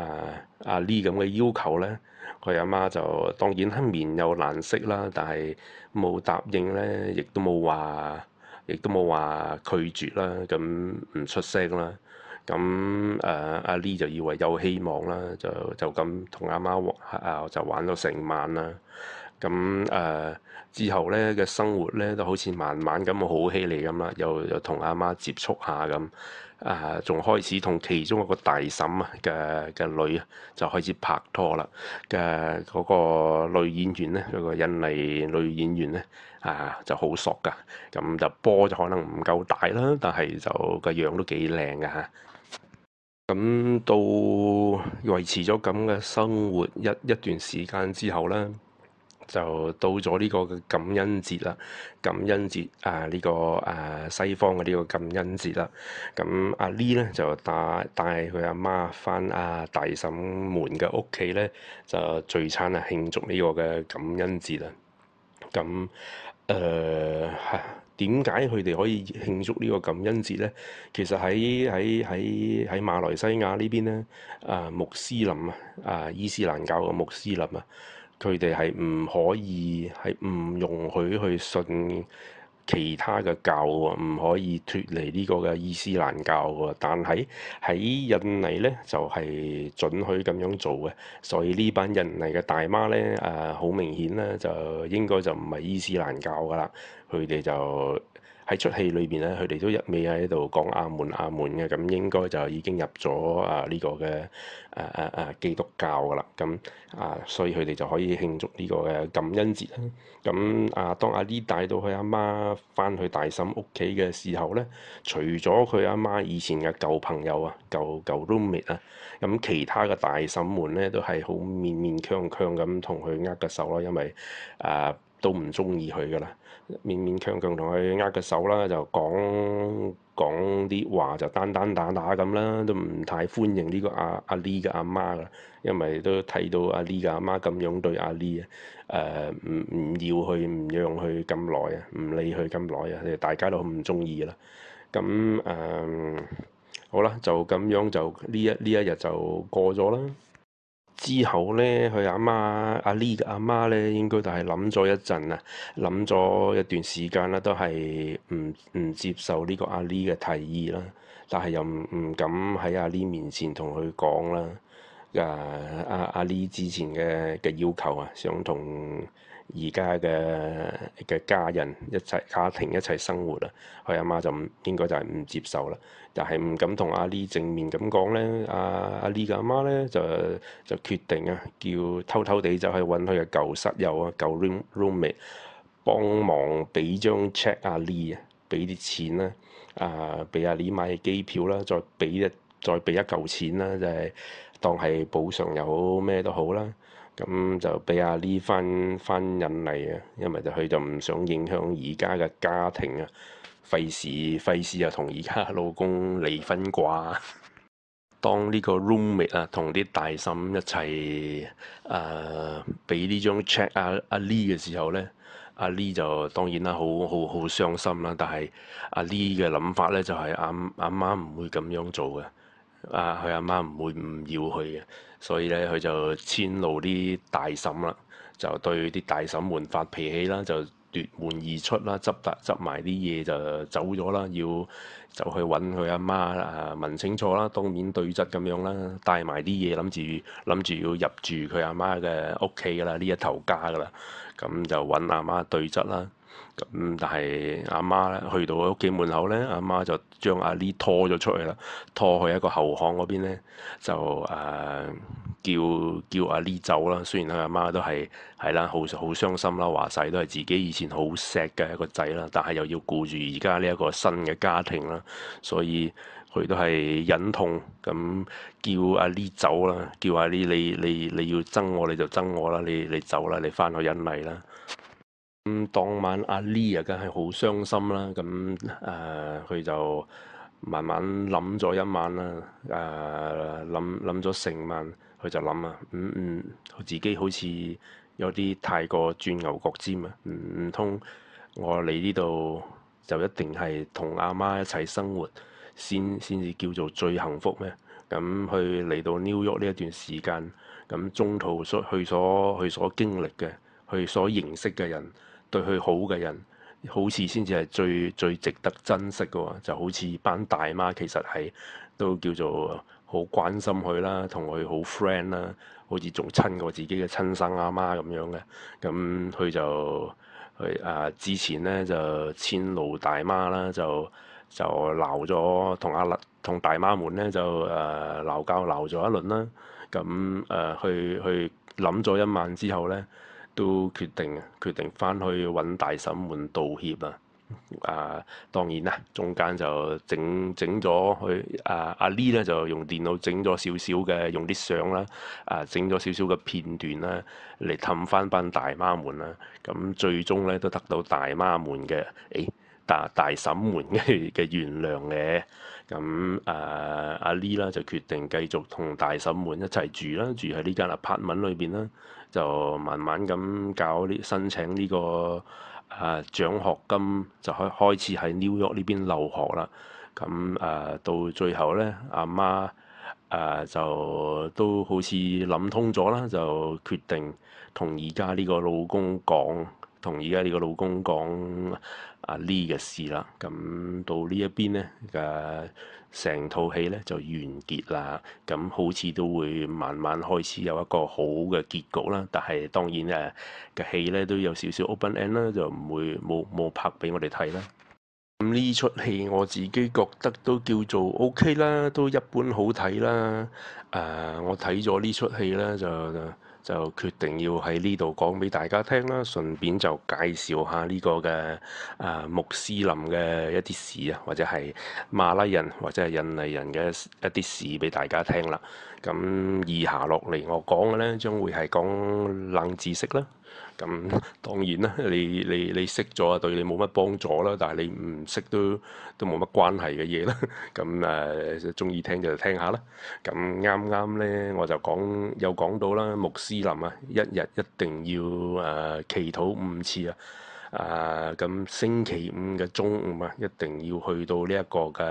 阿呢咁嘅要求咧，佢阿媽就當然係面有難色啦，但係冇答應咧，亦都冇話，亦都冇話拒絕啦，咁唔出聲啦。咁誒，阿 Lee 就以為有希望啦，就就咁同阿媽啊就玩到成晚啦。咁誒之後咧嘅生活咧就好似慢慢咁好起嚟咁啦。又又同阿媽接觸下咁啊，仲開始同其中一個大嬸啊嘅嘅女就開始拍拖啦。嘅嗰個女演員咧，嗰個印尼女演員咧啊，就好索㗎。咁就波就可能唔夠大啦，但係就個樣都幾靚㗎嚇。啊。咁、嗯、到維持咗咁嘅生活一一段時間之後咧，就到咗呢個嘅感恩節啦。感恩節啊，呢、呢個誒、啊、西方嘅呢個感恩節啦。咁阿 Lee 咧就帶帶佢阿媽翻阿大嬸們嘅屋企咧，就聚餐啊慶祝呢個嘅感恩節啊。咁、嗯、誒。呃點解佢哋可以慶祝呢個感恩節呢？其實喺喺喺喺馬來西亞呢邊呢，啊穆斯林啊，啊伊斯蘭教嘅穆斯林啊，佢哋係唔可以係唔容許去信其他嘅教，唔可以脫離呢個嘅伊斯蘭教。但係喺印尼呢，就係、是、準許咁樣做嘅，所以呢班印尼嘅大媽呢，啊好明顯呢，就應該就唔係伊斯蘭教㗎喇。佢哋就喺出戲裏邊咧，佢哋都一味喺度講阿門阿門嘅，咁，應該就已經入咗啊呢個嘅啊啊啊基督教㗎啦。咁啊，所以佢哋就可以慶祝呢個嘅感恩節啦。咁啊，當阿啲帶到佢阿媽翻去大嬸屋企嘅時候咧，除咗佢阿媽以前嘅舊朋友舊舊 mate，啊、舊舊 roommate 啊，咁其他嘅大嬸們咧都係好勉勉強強咁同佢握個手咯，因為啊都唔中意佢㗎啦。勉勉強強同佢握個手啦，就講講啲話就單單打打咁啦，都唔太歡迎呢個阿阿 Li 嘅阿媽啦，因為都睇到阿 Li 嘅阿媽咁樣對阿 Li 啊，誒唔唔要去唔讓佢咁耐啊，唔理佢咁耐啊，大家都唔中意啦。咁誒、嗯、好啦，就咁樣就呢一呢一日就過咗啦。之後咧，佢阿媽阿 Lee 嘅阿媽咧，應該就係諗咗一陣啊，諗咗一段時間啦，都係唔唔接受呢個阿 Lee 嘅提議啦，但係又唔唔敢喺阿 Lee 面前同佢講啦。誒、啊啊、阿阿 Lee 之前嘅嘅要求啊，想同。而家嘅嘅家人一齊家庭一齊生活啦，佢阿媽就唔應該就係唔接受啦，但係唔敢同阿 Li 正面咁講咧。阿、啊、阿 Li 嘅阿媽咧就就決定啊，叫偷偷地就去揾佢嘅舊室友啊、舊 room roommate，幫忙畀張 check 阿 Li 啊，俾啲錢啦，啊俾阿 Li 買機票啦、啊，再畀一再俾一嚿錢啦、啊，就係、是、當係補償又好咩都好啦、啊。咁就俾阿 Lee 翻翻印尼啊，因為就佢就唔想影響而家嘅家庭啊，費事費事又同而家老公離婚啩。 <laughs> 當呢個 roommate 啊，同啲大嬸一齊、呃、啊，俾呢張 check 阿阿 Lee 嘅時候呢，阿 Lee 就當然啦，好好好傷心啦。但係阿 Lee 嘅諗法呢、就是，就係阿阿媽唔會咁樣做嘅，啊佢阿媽唔會唔要佢嘅。所以咧，佢就遷怒啲大嬸啦，就對啲大嬸們發脾氣啦，就奪門而出啦，執埋執埋啲嘢就走咗啦，要就去揾佢阿媽啊問清楚啦，當面對質咁樣啦，帶埋啲嘢諗住諗住要入住佢阿媽嘅屋企㗎啦，呢一頭家㗎啦，咁就揾阿媽對質啦。咁但係阿媽咧，去到佢屋企門口咧，阿、啊、媽就將阿 L 拖咗出去啦，拖去一個後巷嗰邊咧，就誒、呃、叫叫阿 L 走啦。雖然佢阿媽都係係啦，好好傷心啦，話晒都係自己以前好錫嘅一個仔啦，但係又要顧住而家呢一個新嘅家庭啦，所以佢都係忍痛咁叫阿 L 走啦，叫阿 L 你你你要憎我你就憎我啦，你你走啦，你翻去忍耐啦。咁當晚阿 Lee 啊，梗係好傷心啦。咁、呃、誒，佢就慢慢諗咗一晚啦。誒、呃，諗諗咗成晚，佢就諗啊，唔、嗯、唔、嗯，自己好似有啲太過鑽牛角尖啊。唔通我嚟呢度就一定係同阿媽一齊生活，先先至叫做最幸福咩？咁佢嚟到 New York 呢一段時間，咁中途所去所去所經歷嘅，去所認識嘅人。對佢好嘅人，好似先至係最最值得珍惜嘅喎，就好似班大媽其實係都叫做好關心佢啦，同佢好 friend 啦，好似仲親過自己嘅親生阿媽咁樣嘅。咁佢就佢啊、呃、之前呢，就遷怒大媽啦，就就鬧咗同阿同大媽們呢，就誒鬧交鬧咗一輪啦。咁誒去去諗咗一晚之後呢，都決定啊！決定翻去揾大嬸們道歉啊！啊，當然啦，中間就整整咗去啊，阿李咧就用電腦整咗少少嘅，用啲相啦，啊，整咗少少嘅片段啦，嚟氹翻班大媽們啦。咁、啊、最終咧都得到大媽們嘅誒、哎、大大嬸們嘅 <laughs> 原諒嘅。咁啊，阿李啦就決定繼續同大嬸們一齊住啦，住喺呢間阿拍文裏邊啦。就慢慢咁搞呢，申請呢、這個誒獎、呃、學金，就開開始喺 New York 呢邊留學啦。咁誒、呃、到最後咧，阿媽誒、呃、就都好似諗通咗啦，就決定同而家呢個老公講，同而家呢個老公講阿 Lee 嘅事啦。咁到呢一邊咧誒。成套戲咧就完結啦，咁好似都會慢慢開始有一個好嘅結局啦。但係當然誒嘅、啊、戲咧都有少少 open end 啦，就唔會冇冇拍俾我哋睇啦。咁呢出戲我自己覺得都叫做 OK 啦，都一般好睇啦。誒、呃，我睇咗呢出戲咧就。就決定要喺呢度講俾大家聽啦，順便就介紹下呢個嘅啊、呃、穆斯林嘅一啲事啊，或者係馬拉人或者係印尼人嘅一啲事俾大家聽啦。咁以下落嚟我講嘅咧，將會係講冷知識啦。咁、嗯、當然啦，你你你識咗啊，對你冇乜幫助啦。但係你唔識都都冇乜關係嘅嘢啦。咁誒中意聽就聽下啦。咁啱啱咧我就講有講到啦，穆斯林啊，一日一定要誒、呃、祈禱五次啊。啊，咁、嗯、星期五嘅中午啊，一定要去到呢一個嘅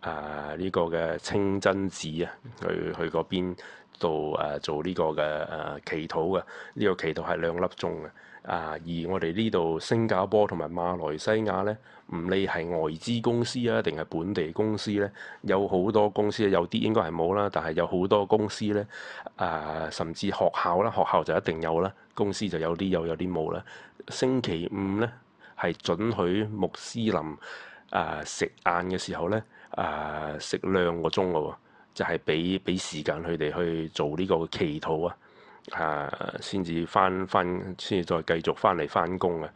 啊呢、呢個嘅清真寺啊，去去嗰邊。度誒做呢個嘅誒、呃、祈禱嘅，呢、這個祈禱係兩粒鐘嘅。啊、呃，而我哋呢度新加坡同埋馬來西亞呢，唔理係外資公司啊，定係本地公司呢，有好多公司，有啲應該係冇啦，但係有好多公司呢，啊、呃，甚至學校啦，學校就一定有啦，公司就有啲有，有啲冇啦。星期五呢，係准許穆斯林、呃、食晏嘅時候呢，誒、呃、食兩個鐘嘅。就係畀畀時間佢哋去做呢個祈禱啊，啊，先至翻翻，先至再繼續翻嚟翻工啊。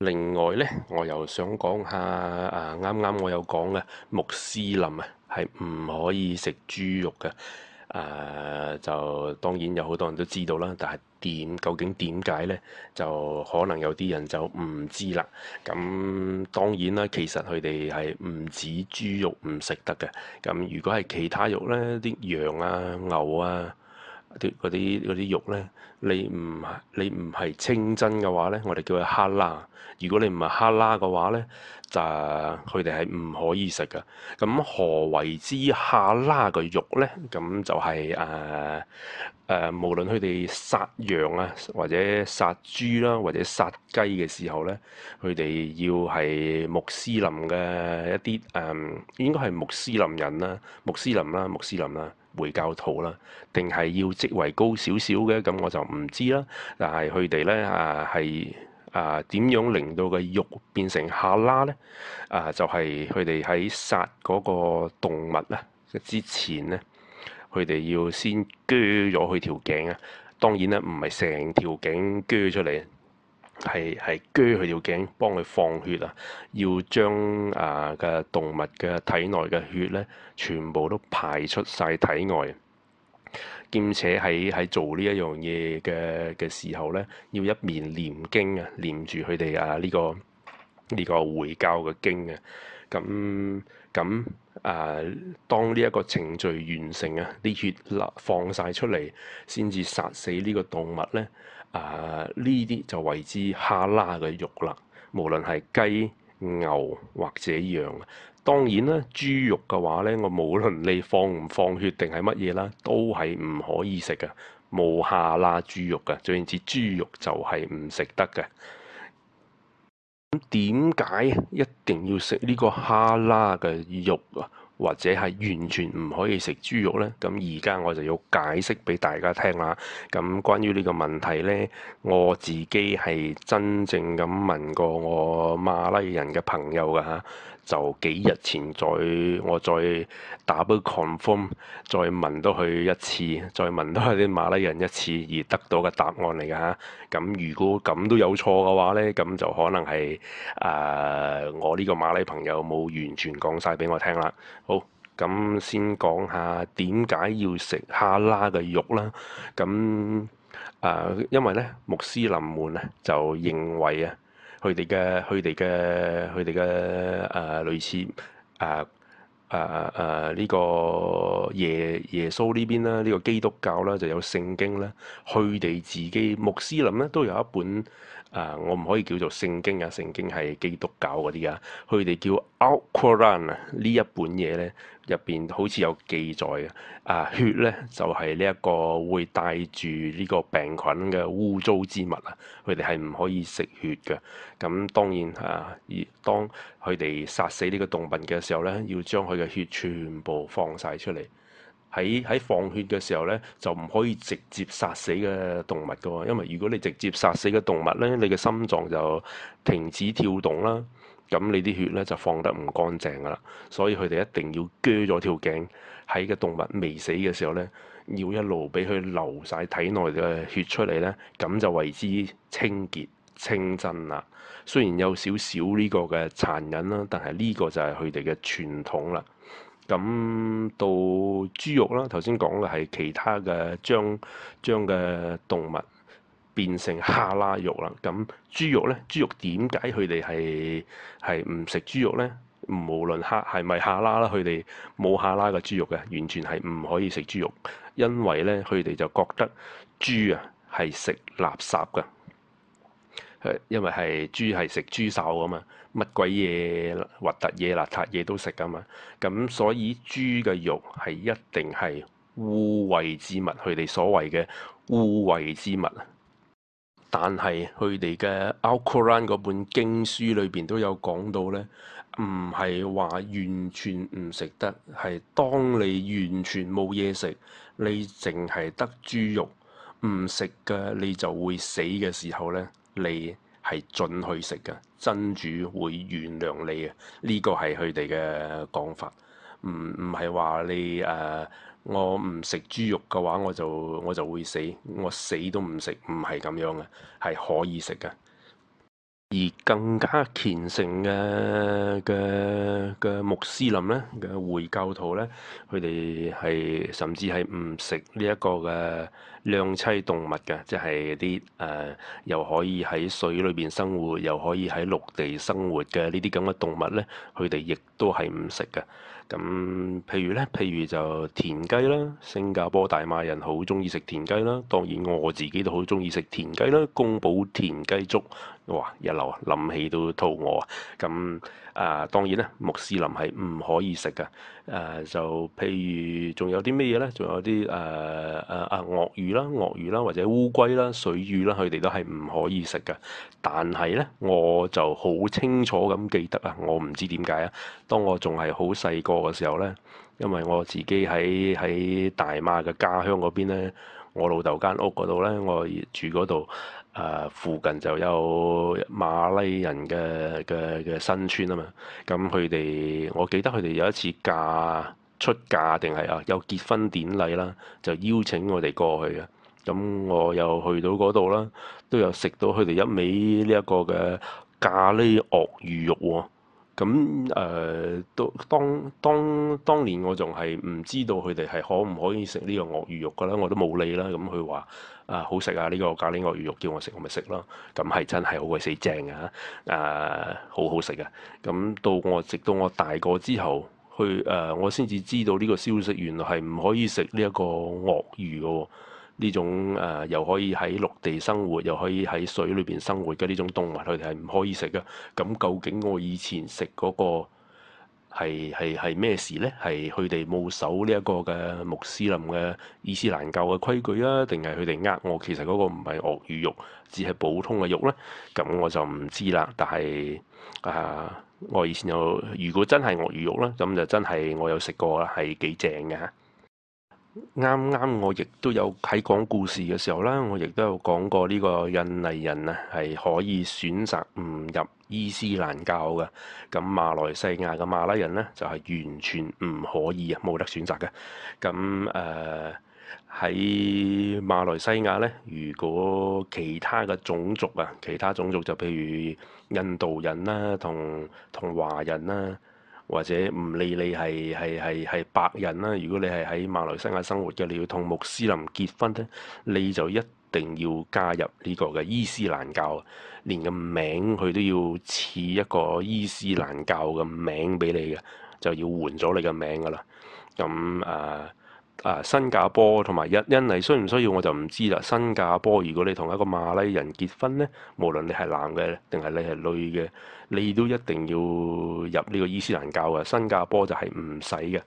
另外呢，我又想講下啊，啱啱我有講啊，穆斯林啊，係唔可以食豬肉嘅。誒、啊，就當然有好多人都知道啦，但係。點究竟點解呢？就可能有啲人就唔知啦。咁當然啦，其實佢哋係唔止豬肉唔食得嘅。咁如果係其他肉呢，啲羊啊、牛啊。嗰啲嗰啲肉咧，你唔你唔係清真嘅話咧，我哋叫佢哈拉。如果你唔係哈拉嘅話咧，就佢哋係唔可以食噶。咁何為之哈拉嘅肉咧？咁就係誒誒，無論佢哋殺羊啊，或者殺豬啦，或者殺雞嘅時候咧，佢哋要係穆斯林嘅一啲誒、嗯，應該係穆斯林人啦、啊，穆斯林啦、啊，穆斯林啦、啊。回教徒啦，定係要職位高少少嘅，咁我就唔知啦。但係佢哋咧啊，係啊點樣令到個肉變成下拉咧？啊，就係佢哋喺殺嗰個動物啊之前咧，佢哋要先鋸咗佢條頸啊。當然咧，唔係成條頸鋸出嚟。係係鋸佢條頸，幫佢放血啊！要將啊嘅動物嘅體內嘅血咧，全部都排出晒體外。兼且喺喺做呢一樣嘢嘅嘅時候咧，要一面念經啊，唸住佢哋啊呢個呢個回教嘅經啊。咁咁啊，當呢一個程序完成啊，啲血流放晒出嚟，先至殺死呢個動物咧。啊！呢啲就為之哈啦嘅肉啦，無論係雞、牛或者羊。當然啦，豬肉嘅話呢，我無論你放唔放血定係乜嘢啦，都係唔可以食㗎，冇哈啦豬肉㗎。總言之，豬肉就係唔食得㗎。咁點解一定要食呢個哈啦嘅肉啊？或者係完全唔可以食豬肉呢？咁而家我就要解釋俾大家聽啦。咁關於呢個問題呢，我自己係真正咁問過我馬拉人嘅朋友㗎嚇。就幾日前再我再 double confirm，再問多佢一次，再問多佢啲馬拉人一次而得到嘅答案嚟㗎。咁如果咁都有錯嘅話咧，咁就可能係誒、呃、我呢個馬拉朋友冇完全講晒俾我聽啦。好，咁先講下點解要食哈拉嘅肉啦。咁誒、呃，因為咧穆斯林們咧就認為啊。佢哋嘅佢哋嘅佢哋嘅誒類似誒誒誒呢個耶耶穌呢邊啦，呢、這個基督教啦就有聖經啦。佢哋自己穆斯林咧都有一本誒、呃，我唔可以叫做聖經啊，聖經係基督教嗰啲啊，佢哋叫、Al《古蘭經》啊呢一本嘢咧。入邊好似有記載嘅，啊血咧就係呢一個會帶住呢個病菌嘅污糟之物啊，佢哋係唔可以食血嘅。咁當然啊，當佢哋殺死呢個動物嘅時候咧，要將佢嘅血全部放晒出嚟。喺喺放血嘅時候咧，就唔可以直接殺死個動物噶，因為如果你直接殺死個動物咧，你嘅心臟就停止跳動啦。咁你啲血咧就放得唔乾淨噶啦，所以佢哋一定要鋸咗條頸，喺個動物未死嘅時候咧，要一路俾佢流晒體內嘅血出嚟咧，咁就為之清潔清真啦。雖然有少少呢個嘅殘忍啦，但係呢個就係佢哋嘅傳統啦。咁到豬肉啦，頭先講嘅係其他嘅將將嘅動物。變成哈拉肉啦。咁豬肉呢？豬肉點解佢哋係係唔食豬肉呢？無論下係咪哈拉啦，佢哋冇哈拉嘅豬肉嘅，完全係唔可以食豬肉，因為呢，佢哋就覺得豬啊係食垃圾㗎。因為係豬係食豬潲啊嘛，乜鬼嘢核突嘢、邋遢嘢都食啊嘛。咁所以豬嘅肉係一定係污穢之物。佢哋所謂嘅污穢之物但係佢哋嘅《Al Quran》嗰本經書裏邊都有講到呢，唔係話完全唔食得，係當你完全冇嘢食，你淨係得豬肉唔食嘅，你就會死嘅時候，呢你係准去食嘅，真主會原諒你啊！呢個係佢哋嘅講法，唔唔係話你誒。呃我唔食豬肉嘅話，我就我就會死。我死都唔食，唔係咁樣嘅，係可以食嘅。而更加虔誠嘅嘅嘅穆斯林咧，嘅回教徒咧，佢哋係甚至係唔食呢一個嘅兩棲動物嘅，即係啲誒又可以喺水裏邊生活，又可以喺陸地生活嘅呢啲咁嘅動物咧，佢哋亦都係唔食嘅。咁譬如咧，譬如就田雞啦，新加坡大馬人好鍾意食田雞啦，當然我自己都好鍾意食田雞啦，宮保田雞粥。哇！一流啊，諗起都肚餓啊！咁啊、呃，當然啦，穆斯林係唔可以食嘅。誒、呃，就譬如仲有啲咩嘢咧？仲有啲誒誒啊鱷魚啦、鱷魚啦，或者烏龜啦、水魚啦，佢哋都係唔可以食嘅。但係咧，我就好清楚咁記得啊，我唔知點解啊。當我仲係好細個嘅時候咧，因為我自己喺喺大馬嘅家鄉嗰邊咧，我老豆間屋嗰度咧，我住嗰度。誒、啊、附近就有馬拉人嘅嘅嘅新村啊嘛，咁佢哋，我記得佢哋有一次嫁出嫁定係啊有結婚典禮啦，就邀請我哋過去嘅，咁、嗯、我又去到嗰度啦，都有食到佢哋一味呢一個嘅咖喱鱷魚肉喎、啊，咁、嗯、誒、呃，當當當當年我仲係唔知道佢哋係可唔可以食呢個鱷魚肉㗎啦，我都冇理啦，咁佢話。啊！好食啊！呢、這個咖喱鱷魚肉叫我食，我咪食咯。咁係真係好鬼死正嘅嚇、啊，好好食啊！咁到我直到我大個之後，去誒、啊、我先至知道呢個消息，原來係唔可以食呢一個鱷魚嘅喎。呢種誒、啊、又可以喺陸地生活，又可以喺水裏邊生活嘅呢種動物，佢哋係唔可以食嘅。咁、啊、究竟我以前食嗰、那個？係係係咩事呢？係佢哋冇守呢一個嘅穆斯林嘅伊斯蘭教嘅規矩啊？定係佢哋呃我？其實嗰個唔係鱷魚肉，只係普通嘅肉呢。咁我就唔知啦。但係啊、呃，我以前有，如果真係鱷魚肉咧，咁就真係我有食過啦，係幾正嘅。啱啱我亦都有喺講故事嘅時候啦，我亦都有講過呢個印尼人啊，係可以選擇唔入。伊斯蘭教嘅，咁馬來西亞嘅馬拉人呢，就係、是、完全唔可以啊，冇得選擇嘅。咁誒喺馬來西亞呢，如果其他嘅種族啊，其他種族就譬如印度人啦、啊，同同華人啦、啊，或者唔理你係係係係白人啦、啊，如果你係喺馬來西亞生活嘅，你要同穆斯林結婚呢，你就一一定要加入呢個嘅伊斯蘭教，連個名佢都要似一個伊斯蘭教嘅名俾你嘅，就要換咗你嘅名㗎喇。咁誒誒新加坡同埋印印尼需唔需要我就唔知啦。新加坡如果你同一個馬拉人結婚呢，無論你係男嘅定係你係女嘅，你都一定要入呢個伊斯蘭教嘅。新加坡就係唔使嘅。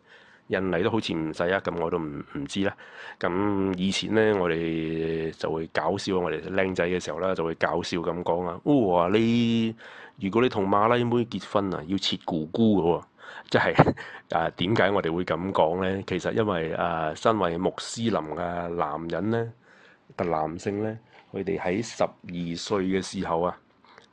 印尼都好似唔使啊，咁我都唔唔知啦。咁以前咧，我哋就會搞笑，我哋靚仔嘅時候咧，就會搞笑咁講啊。哇、oh！你如果你同馬拉妹結婚啊，要切姑姑嘅喎，即係誒點解我哋會咁講咧？其實因為誒、啊、身為穆斯林嘅男人咧，個男性咧，佢哋喺十二歲嘅時候啊。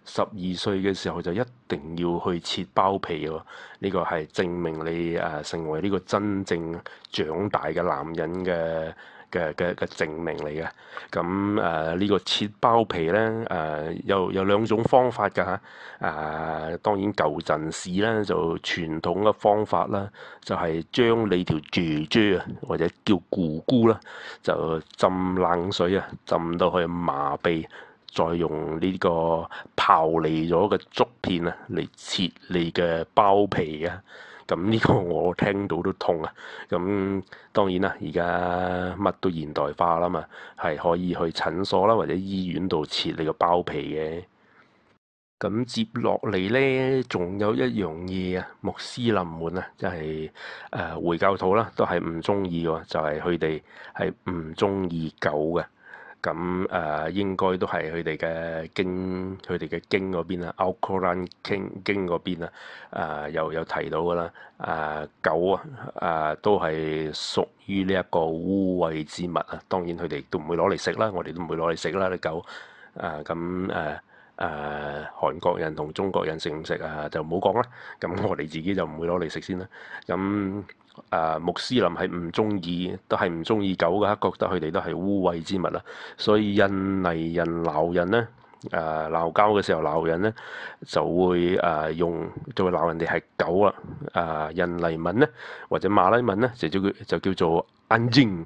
十二歲嘅時候就一定要去切包皮喎，呢、這個係證明你誒、呃、成為呢個真正長大嘅男人嘅嘅嘅嘅證明嚟嘅。咁誒呢個切包皮咧誒、呃、有有兩種方法㗎嚇。誒、呃、當然舊陣時咧就傳統嘅方法啦，就係、是、將你條豬豬啊或者叫菇菇啦，就浸冷水啊，浸到去麻痺。再用呢個刨離咗嘅竹片啊，嚟切你嘅包皮啊，咁呢個我聽到都痛啊！咁當然啦，而家乜都現代化啦嘛，係可以去診所啦或者醫院度切你個包皮嘅。咁接落嚟呢，仲有一樣嘢啊，穆斯林們啊，即係誒回教徒啦，都係唔中意喎，就係佢哋係唔中意狗嘅。咁誒、呃、應該都係佢哋嘅經，佢哋嘅經嗰邊啦，《Al Quran k i 經經嗰邊啊，誒又有提到噶啦，誒、呃、狗啊，誒、呃、都係屬於呢一個污穢之物啊。當然佢哋都唔會攞嚟食啦，我哋都唔會攞嚟食啦。啲狗誒咁，誒誒，韓國人同中國人食唔食啊？就唔好講啦。咁我哋自己就唔會攞嚟食先啦。咁。啊、穆斯林係唔中意，都係唔中意狗㗎，覺得佢哋都係污穢之物啦。所以印尼人鬧人呢，誒鬧交嘅時候鬧人呢，就會誒、呃、用就會鬧人哋係狗啊。誒、呃、印尼文呢，或者馬來文呢，就叫就叫做 anjing、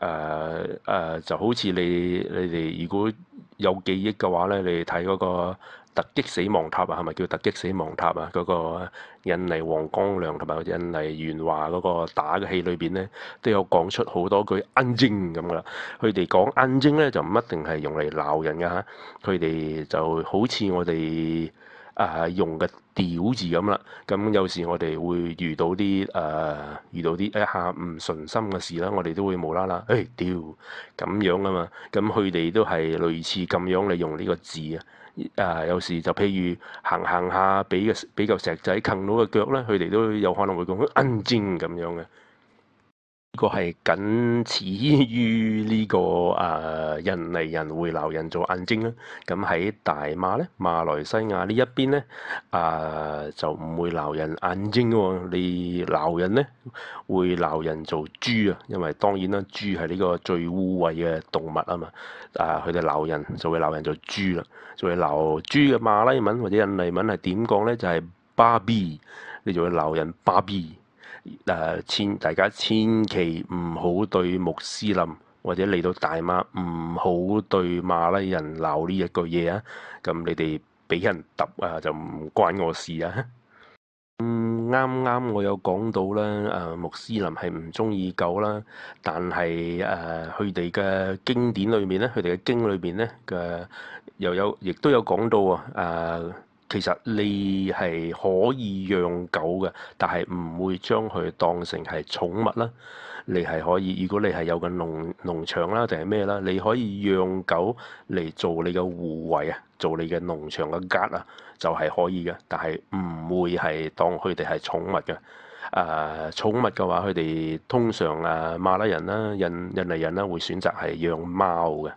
呃呃。就好似你你哋如果有記憶嘅話呢，你哋睇嗰個。突擊死亡塔啊，係咪叫突擊死亡塔啊？嗰、嗰個印尼黃光亮同埋印尼元華嗰個打嘅戲裏邊咧，都有講出好多句 anjing 咁噶啦。佢哋講 anjing 咧，就唔一定係用嚟鬧人㗎嚇。佢哋就好似我哋。啊，用嘅屌字咁啦，咁有時我哋會遇到啲誒、啊，遇到啲一,一下唔順心嘅事啦，我哋都會無啦啦，誒屌咁樣啊嘛，咁佢哋都係類似咁樣嚟用呢個字啊，誒有時就譬如行行下俾個俾個石仔冚到個腳咧，佢哋都有可能會講恩煎咁樣嘅。個係僅次於呢個誒、呃，印尼人會鬧人做眼睛啦。咁喺大馬咧，馬來西亞呢一邊咧，誒、呃、就唔會鬧人眼睛喎。你鬧人咧，會鬧人做豬啊。因為當然啦，豬係呢個最污穢嘅動物啊嘛。誒，佢哋鬧人就會鬧人做豬啦，就會鬧豬嘅馬拉文或者印尼文係點講咧？就係、是、babi 你就會鬧人 babi。誒、啊、千大家千祈唔好對穆斯林或者嚟到大馬唔好對馬拉人鬧呢一句嘢啊！咁、嗯、你哋俾人揼啊就唔關我事啊！咁啱啱我有講到啦，誒、啊、穆斯林係唔中意狗啦，但係誒佢哋嘅經典裏面咧，佢哋嘅經裏邊咧嘅又有亦都有講到啊，誒。其實你係可以養狗嘅，但係唔會將佢當成係寵物啦。你係可以，如果你係有個農農場啦，定係咩啦，你可以養狗嚟做你嘅護衛啊，做你嘅農場嘅鴿啊，就係、是、可以嘅。但係唔會係當佢哋係寵物嘅。誒、呃，寵物嘅話，佢哋通常誒馬拉人啦、印印尼人啦，會選擇係養貓嘅。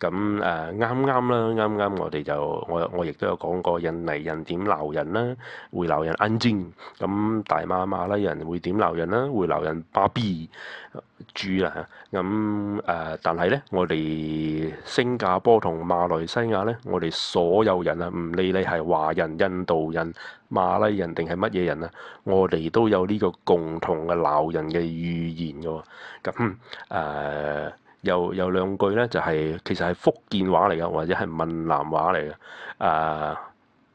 咁誒啱啱啦，啱啱我哋就我我亦都有講過，印尼人點鬧人啦，會鬧人 anjing；咁大馬馬來人會點鬧人，人爸爸啦，會鬧人芭比豬啊。咁誒，但係咧，我哋新加坡同馬來西亞咧，我哋所有人啊，唔理你係華人、印度人、馬來人定係乜嘢人啊，我哋都有呢個共同嘅鬧人嘅語言㗎喎。咁誒。啊有又兩句咧，就係、是、其實係福建話嚟嘅，或者係閩南話嚟嘅、呃。啊，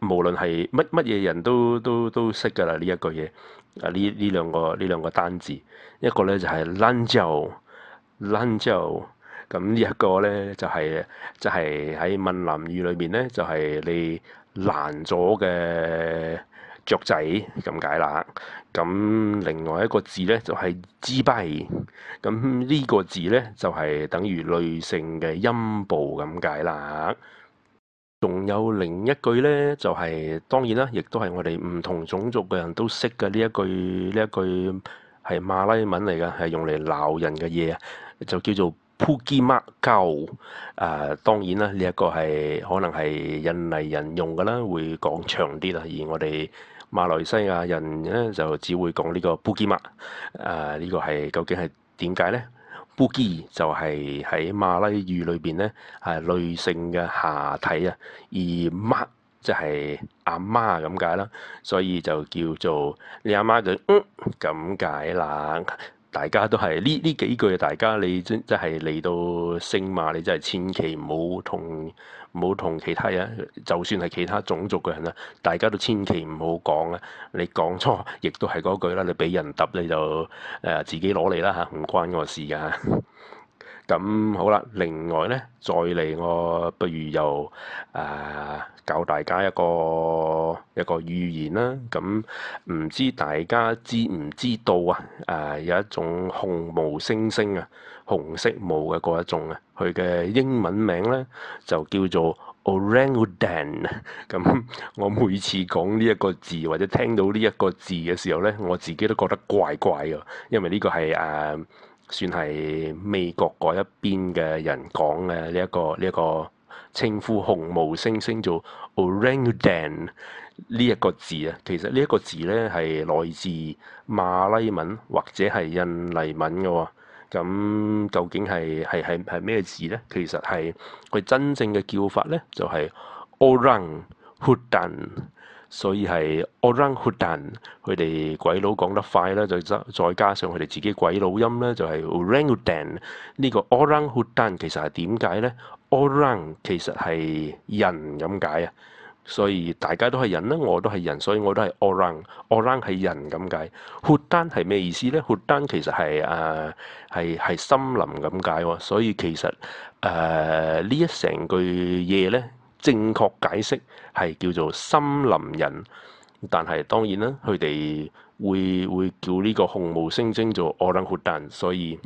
無論係乜乜嘢人都都都識㗎啦，呢一句嘢。啊，呢呢兩個呢兩個單字，一個咧就係撚就撚就，咁呢、嗯、一個咧就係、是、就係喺閩南語裏面咧，就係、是、你難咗嘅。雀仔咁解啦，咁另外一個字呢，就係支閉，咁呢個字呢，就係等於女性嘅陰部咁解啦。仲有另一句呢，就係當然啦，亦都係我哋唔同種族嘅人都識嘅呢一句，呢一句係馬來文嚟嘅，係用嚟鬧人嘅嘢，就叫做 Pugimakau。啊，當然啦，呢一個係可能係印尼人用嘅啦，會講長啲啦，而我哋。馬來西亞人咧就只會講呢個布基麥，誒、這、呢個係究竟係點解咧？布基就係喺馬拉語裏邊咧係女性嘅下體啊，而 m 麥即係阿媽咁解啦，所以就叫做你阿媽嘅嗯咁解啦。大家都係呢呢幾句，大家你真真係嚟到星馬，你真係千祈唔好同。冇同其他人，就算係其他種族嘅人啦，大家都千祈唔好講啊！你講錯，亦都係嗰句啦，你俾人揼你就誒自己攞嚟啦嚇，唔關我事㗎。咁 <laughs> 好啦，另外咧，再嚟我不如又誒、呃、教大家一個一個語言啦。咁、嗯、唔知大家知唔知道啊？誒、呃、有一種紅毛猩猩啊！紅色毛嘅嗰一種啊，佢嘅英文名咧就叫做 Orangutan。咁 <laughs> 我每次講呢一個字或者聽到呢一個字嘅時候咧，我自己都覺得怪怪啊，因為呢個係誒、啊、算係美國嗰一邊嘅人講嘅呢一個呢一、呢一個稱呼紅毛猩猩做 Orangutan 呢一個字啊。其實呢一個字咧係來自馬拉文或者係印尼文嘅喎、哦。咁、嗯、究竟係係係係咩字咧？其實係佢真正嘅叫法咧，就係、是、Orang Hudan。所以係 Orang Hudan，佢哋鬼佬講得快咧，就再加上佢哋自己鬼佬音咧，就係、是、Orang Hudan，呢個 Orang Hudan 其實係點解咧？Orang 其實係人咁解啊。所以大家都係人啦，我都係人，所以我都係 orang，orang 係人咁解。hutan 係咩意思呢？hutan 其實係誒係係森林咁解喎。所以其實誒呢、uh, 一成句嘢呢，正確解釋係叫做森林人。但係當然啦，佢哋會會叫呢個紅毛猩猩做 orangutan，所以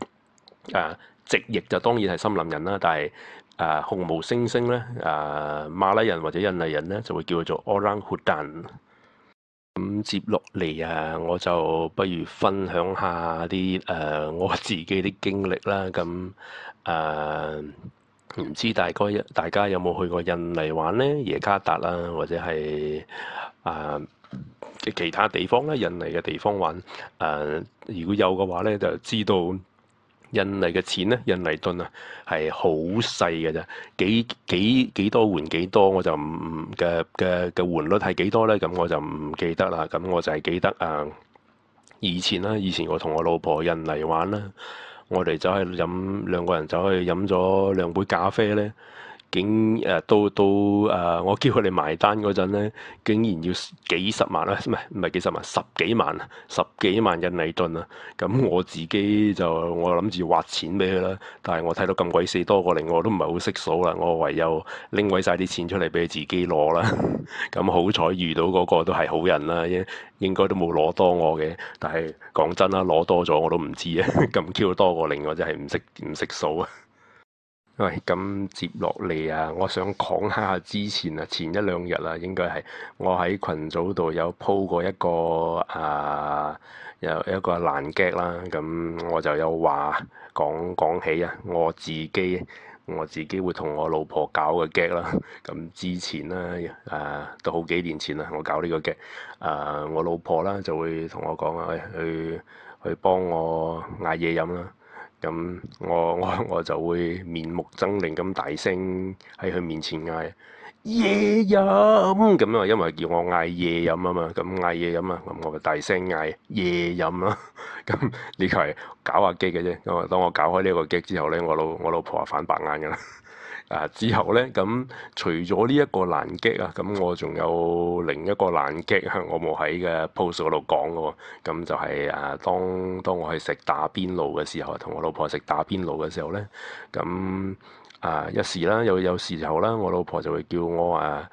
誒、uh, 直譯就當然係森林人啦。但係啊，紅毛猩猩咧，啊馬拉人或者印尼人咧，就會叫佢做 orangutan。咁、嗯、接落嚟啊，我就不如分享下啲誒、啊、我自己啲經歷啦。咁誒唔知大家大家有冇去過印尼玩咧？耶加達啦、啊，或者係啊其他地方咧，印尼嘅地方玩。誒、啊、如果有嘅話咧，就知道。印尼嘅錢咧，印尼盾啊，係好細嘅啫，幾幾幾多換幾多我就唔嘅嘅嘅換率係幾多咧？咁我就唔記得啦。咁我就係記得啊，以前啦，以前我同我老婆印尼玩啦，我哋走去飲兩個人走去飲咗兩杯咖啡咧。竟誒到到誒，我叫佢哋埋單嗰陣咧，竟然要幾十萬啦，唔係唔係幾十萬，十幾萬，十幾萬印尼盾啊！咁我自己就我諗住劃錢俾佢啦，但係我睇到咁鬼死多個零，我都唔係好識數啦，我唯有拎鬼晒啲錢出嚟俾佢自己攞啦。咁 <laughs> 好彩遇到嗰個都係好人啦，應應該都冇攞多我嘅。但係講真啦，攞多咗我都唔知啊！咁 <laughs> Q 多個零，我真係唔識唔識數啊！喂，咁、嗯、接落嚟啊，我想講下之前啊，前一兩日啊，應該係我喺群組度有鋪過一個啊、呃，有一個爛 gag 啦，咁、嗯、我就有話講講起啊，我自己我自己會同我老婆搞個 gag 啦，咁、嗯、之前咧誒都好幾年前啦，我搞呢個 gag、呃、我老婆啦就會同我講啊、哎，去去幫我嗌嘢飲啦。咁、嗯、我我我就會面目猙獰咁大聲喺佢面前嗌夜飲，咁、嗯、啊、嗯、因為叫我嗌夜飲啊嘛，咁、嗯、嗌、嗯、夜飲啊，咁我咪大聲嗌夜飲咯。咁呢個係搞下機嘅啫。咁啊當我搞開呢個機之後咧，我老我老婆啊反白眼㗎啦。啊！之後咧，咁、嗯、除咗呢一個爛 gag 啊，咁、嗯、我仲有另一個爛 gag、啊嗯，我冇喺嘅 post 嗰度講嘅喎。咁、嗯、就係、是、啊，當當我去食打邊爐嘅時候，同我老婆食打邊爐嘅時候咧，咁、嗯、啊一時啦，有有時候啦，我老婆就會叫我喂、啊、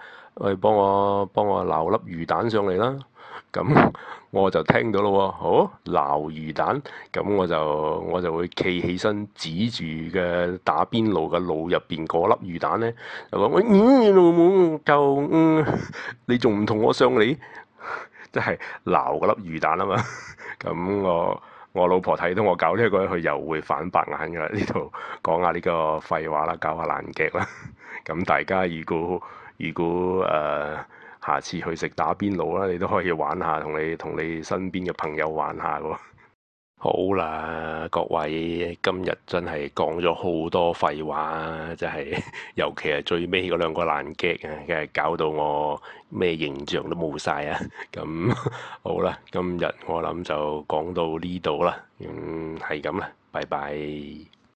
去幫我幫我撈粒魚蛋上嚟啦。咁我就聽到咯、哦，哦，撈魚蛋，咁我就我就會企起身指住嘅打邊爐嘅爐入邊嗰粒魚蛋咧，就話喂，嗯，老母夠嗯，你仲唔同我上嚟？即係撈嗰粒魚蛋啊嘛！咁 <laughs> 我我老婆睇到我搞呢、這、一個，佢又會反白眼噶。呢度講下呢個廢話啦，搞下爛 gag 啦。咁 <laughs> 大家如果如果誒？呃下次去食打邊爐啦，你都可以玩下，同你同你身邊嘅朋友玩下喎。 <laughs> 好啦，各位，今日真係講咗好多廢話，真係尤其係最尾嗰兩個難擊啊，梗係搞到我咩形象都冇晒啊。咁 <laughs> 好啦，今日我諗就講到呢度啦。嗯，係咁啦，拜拜。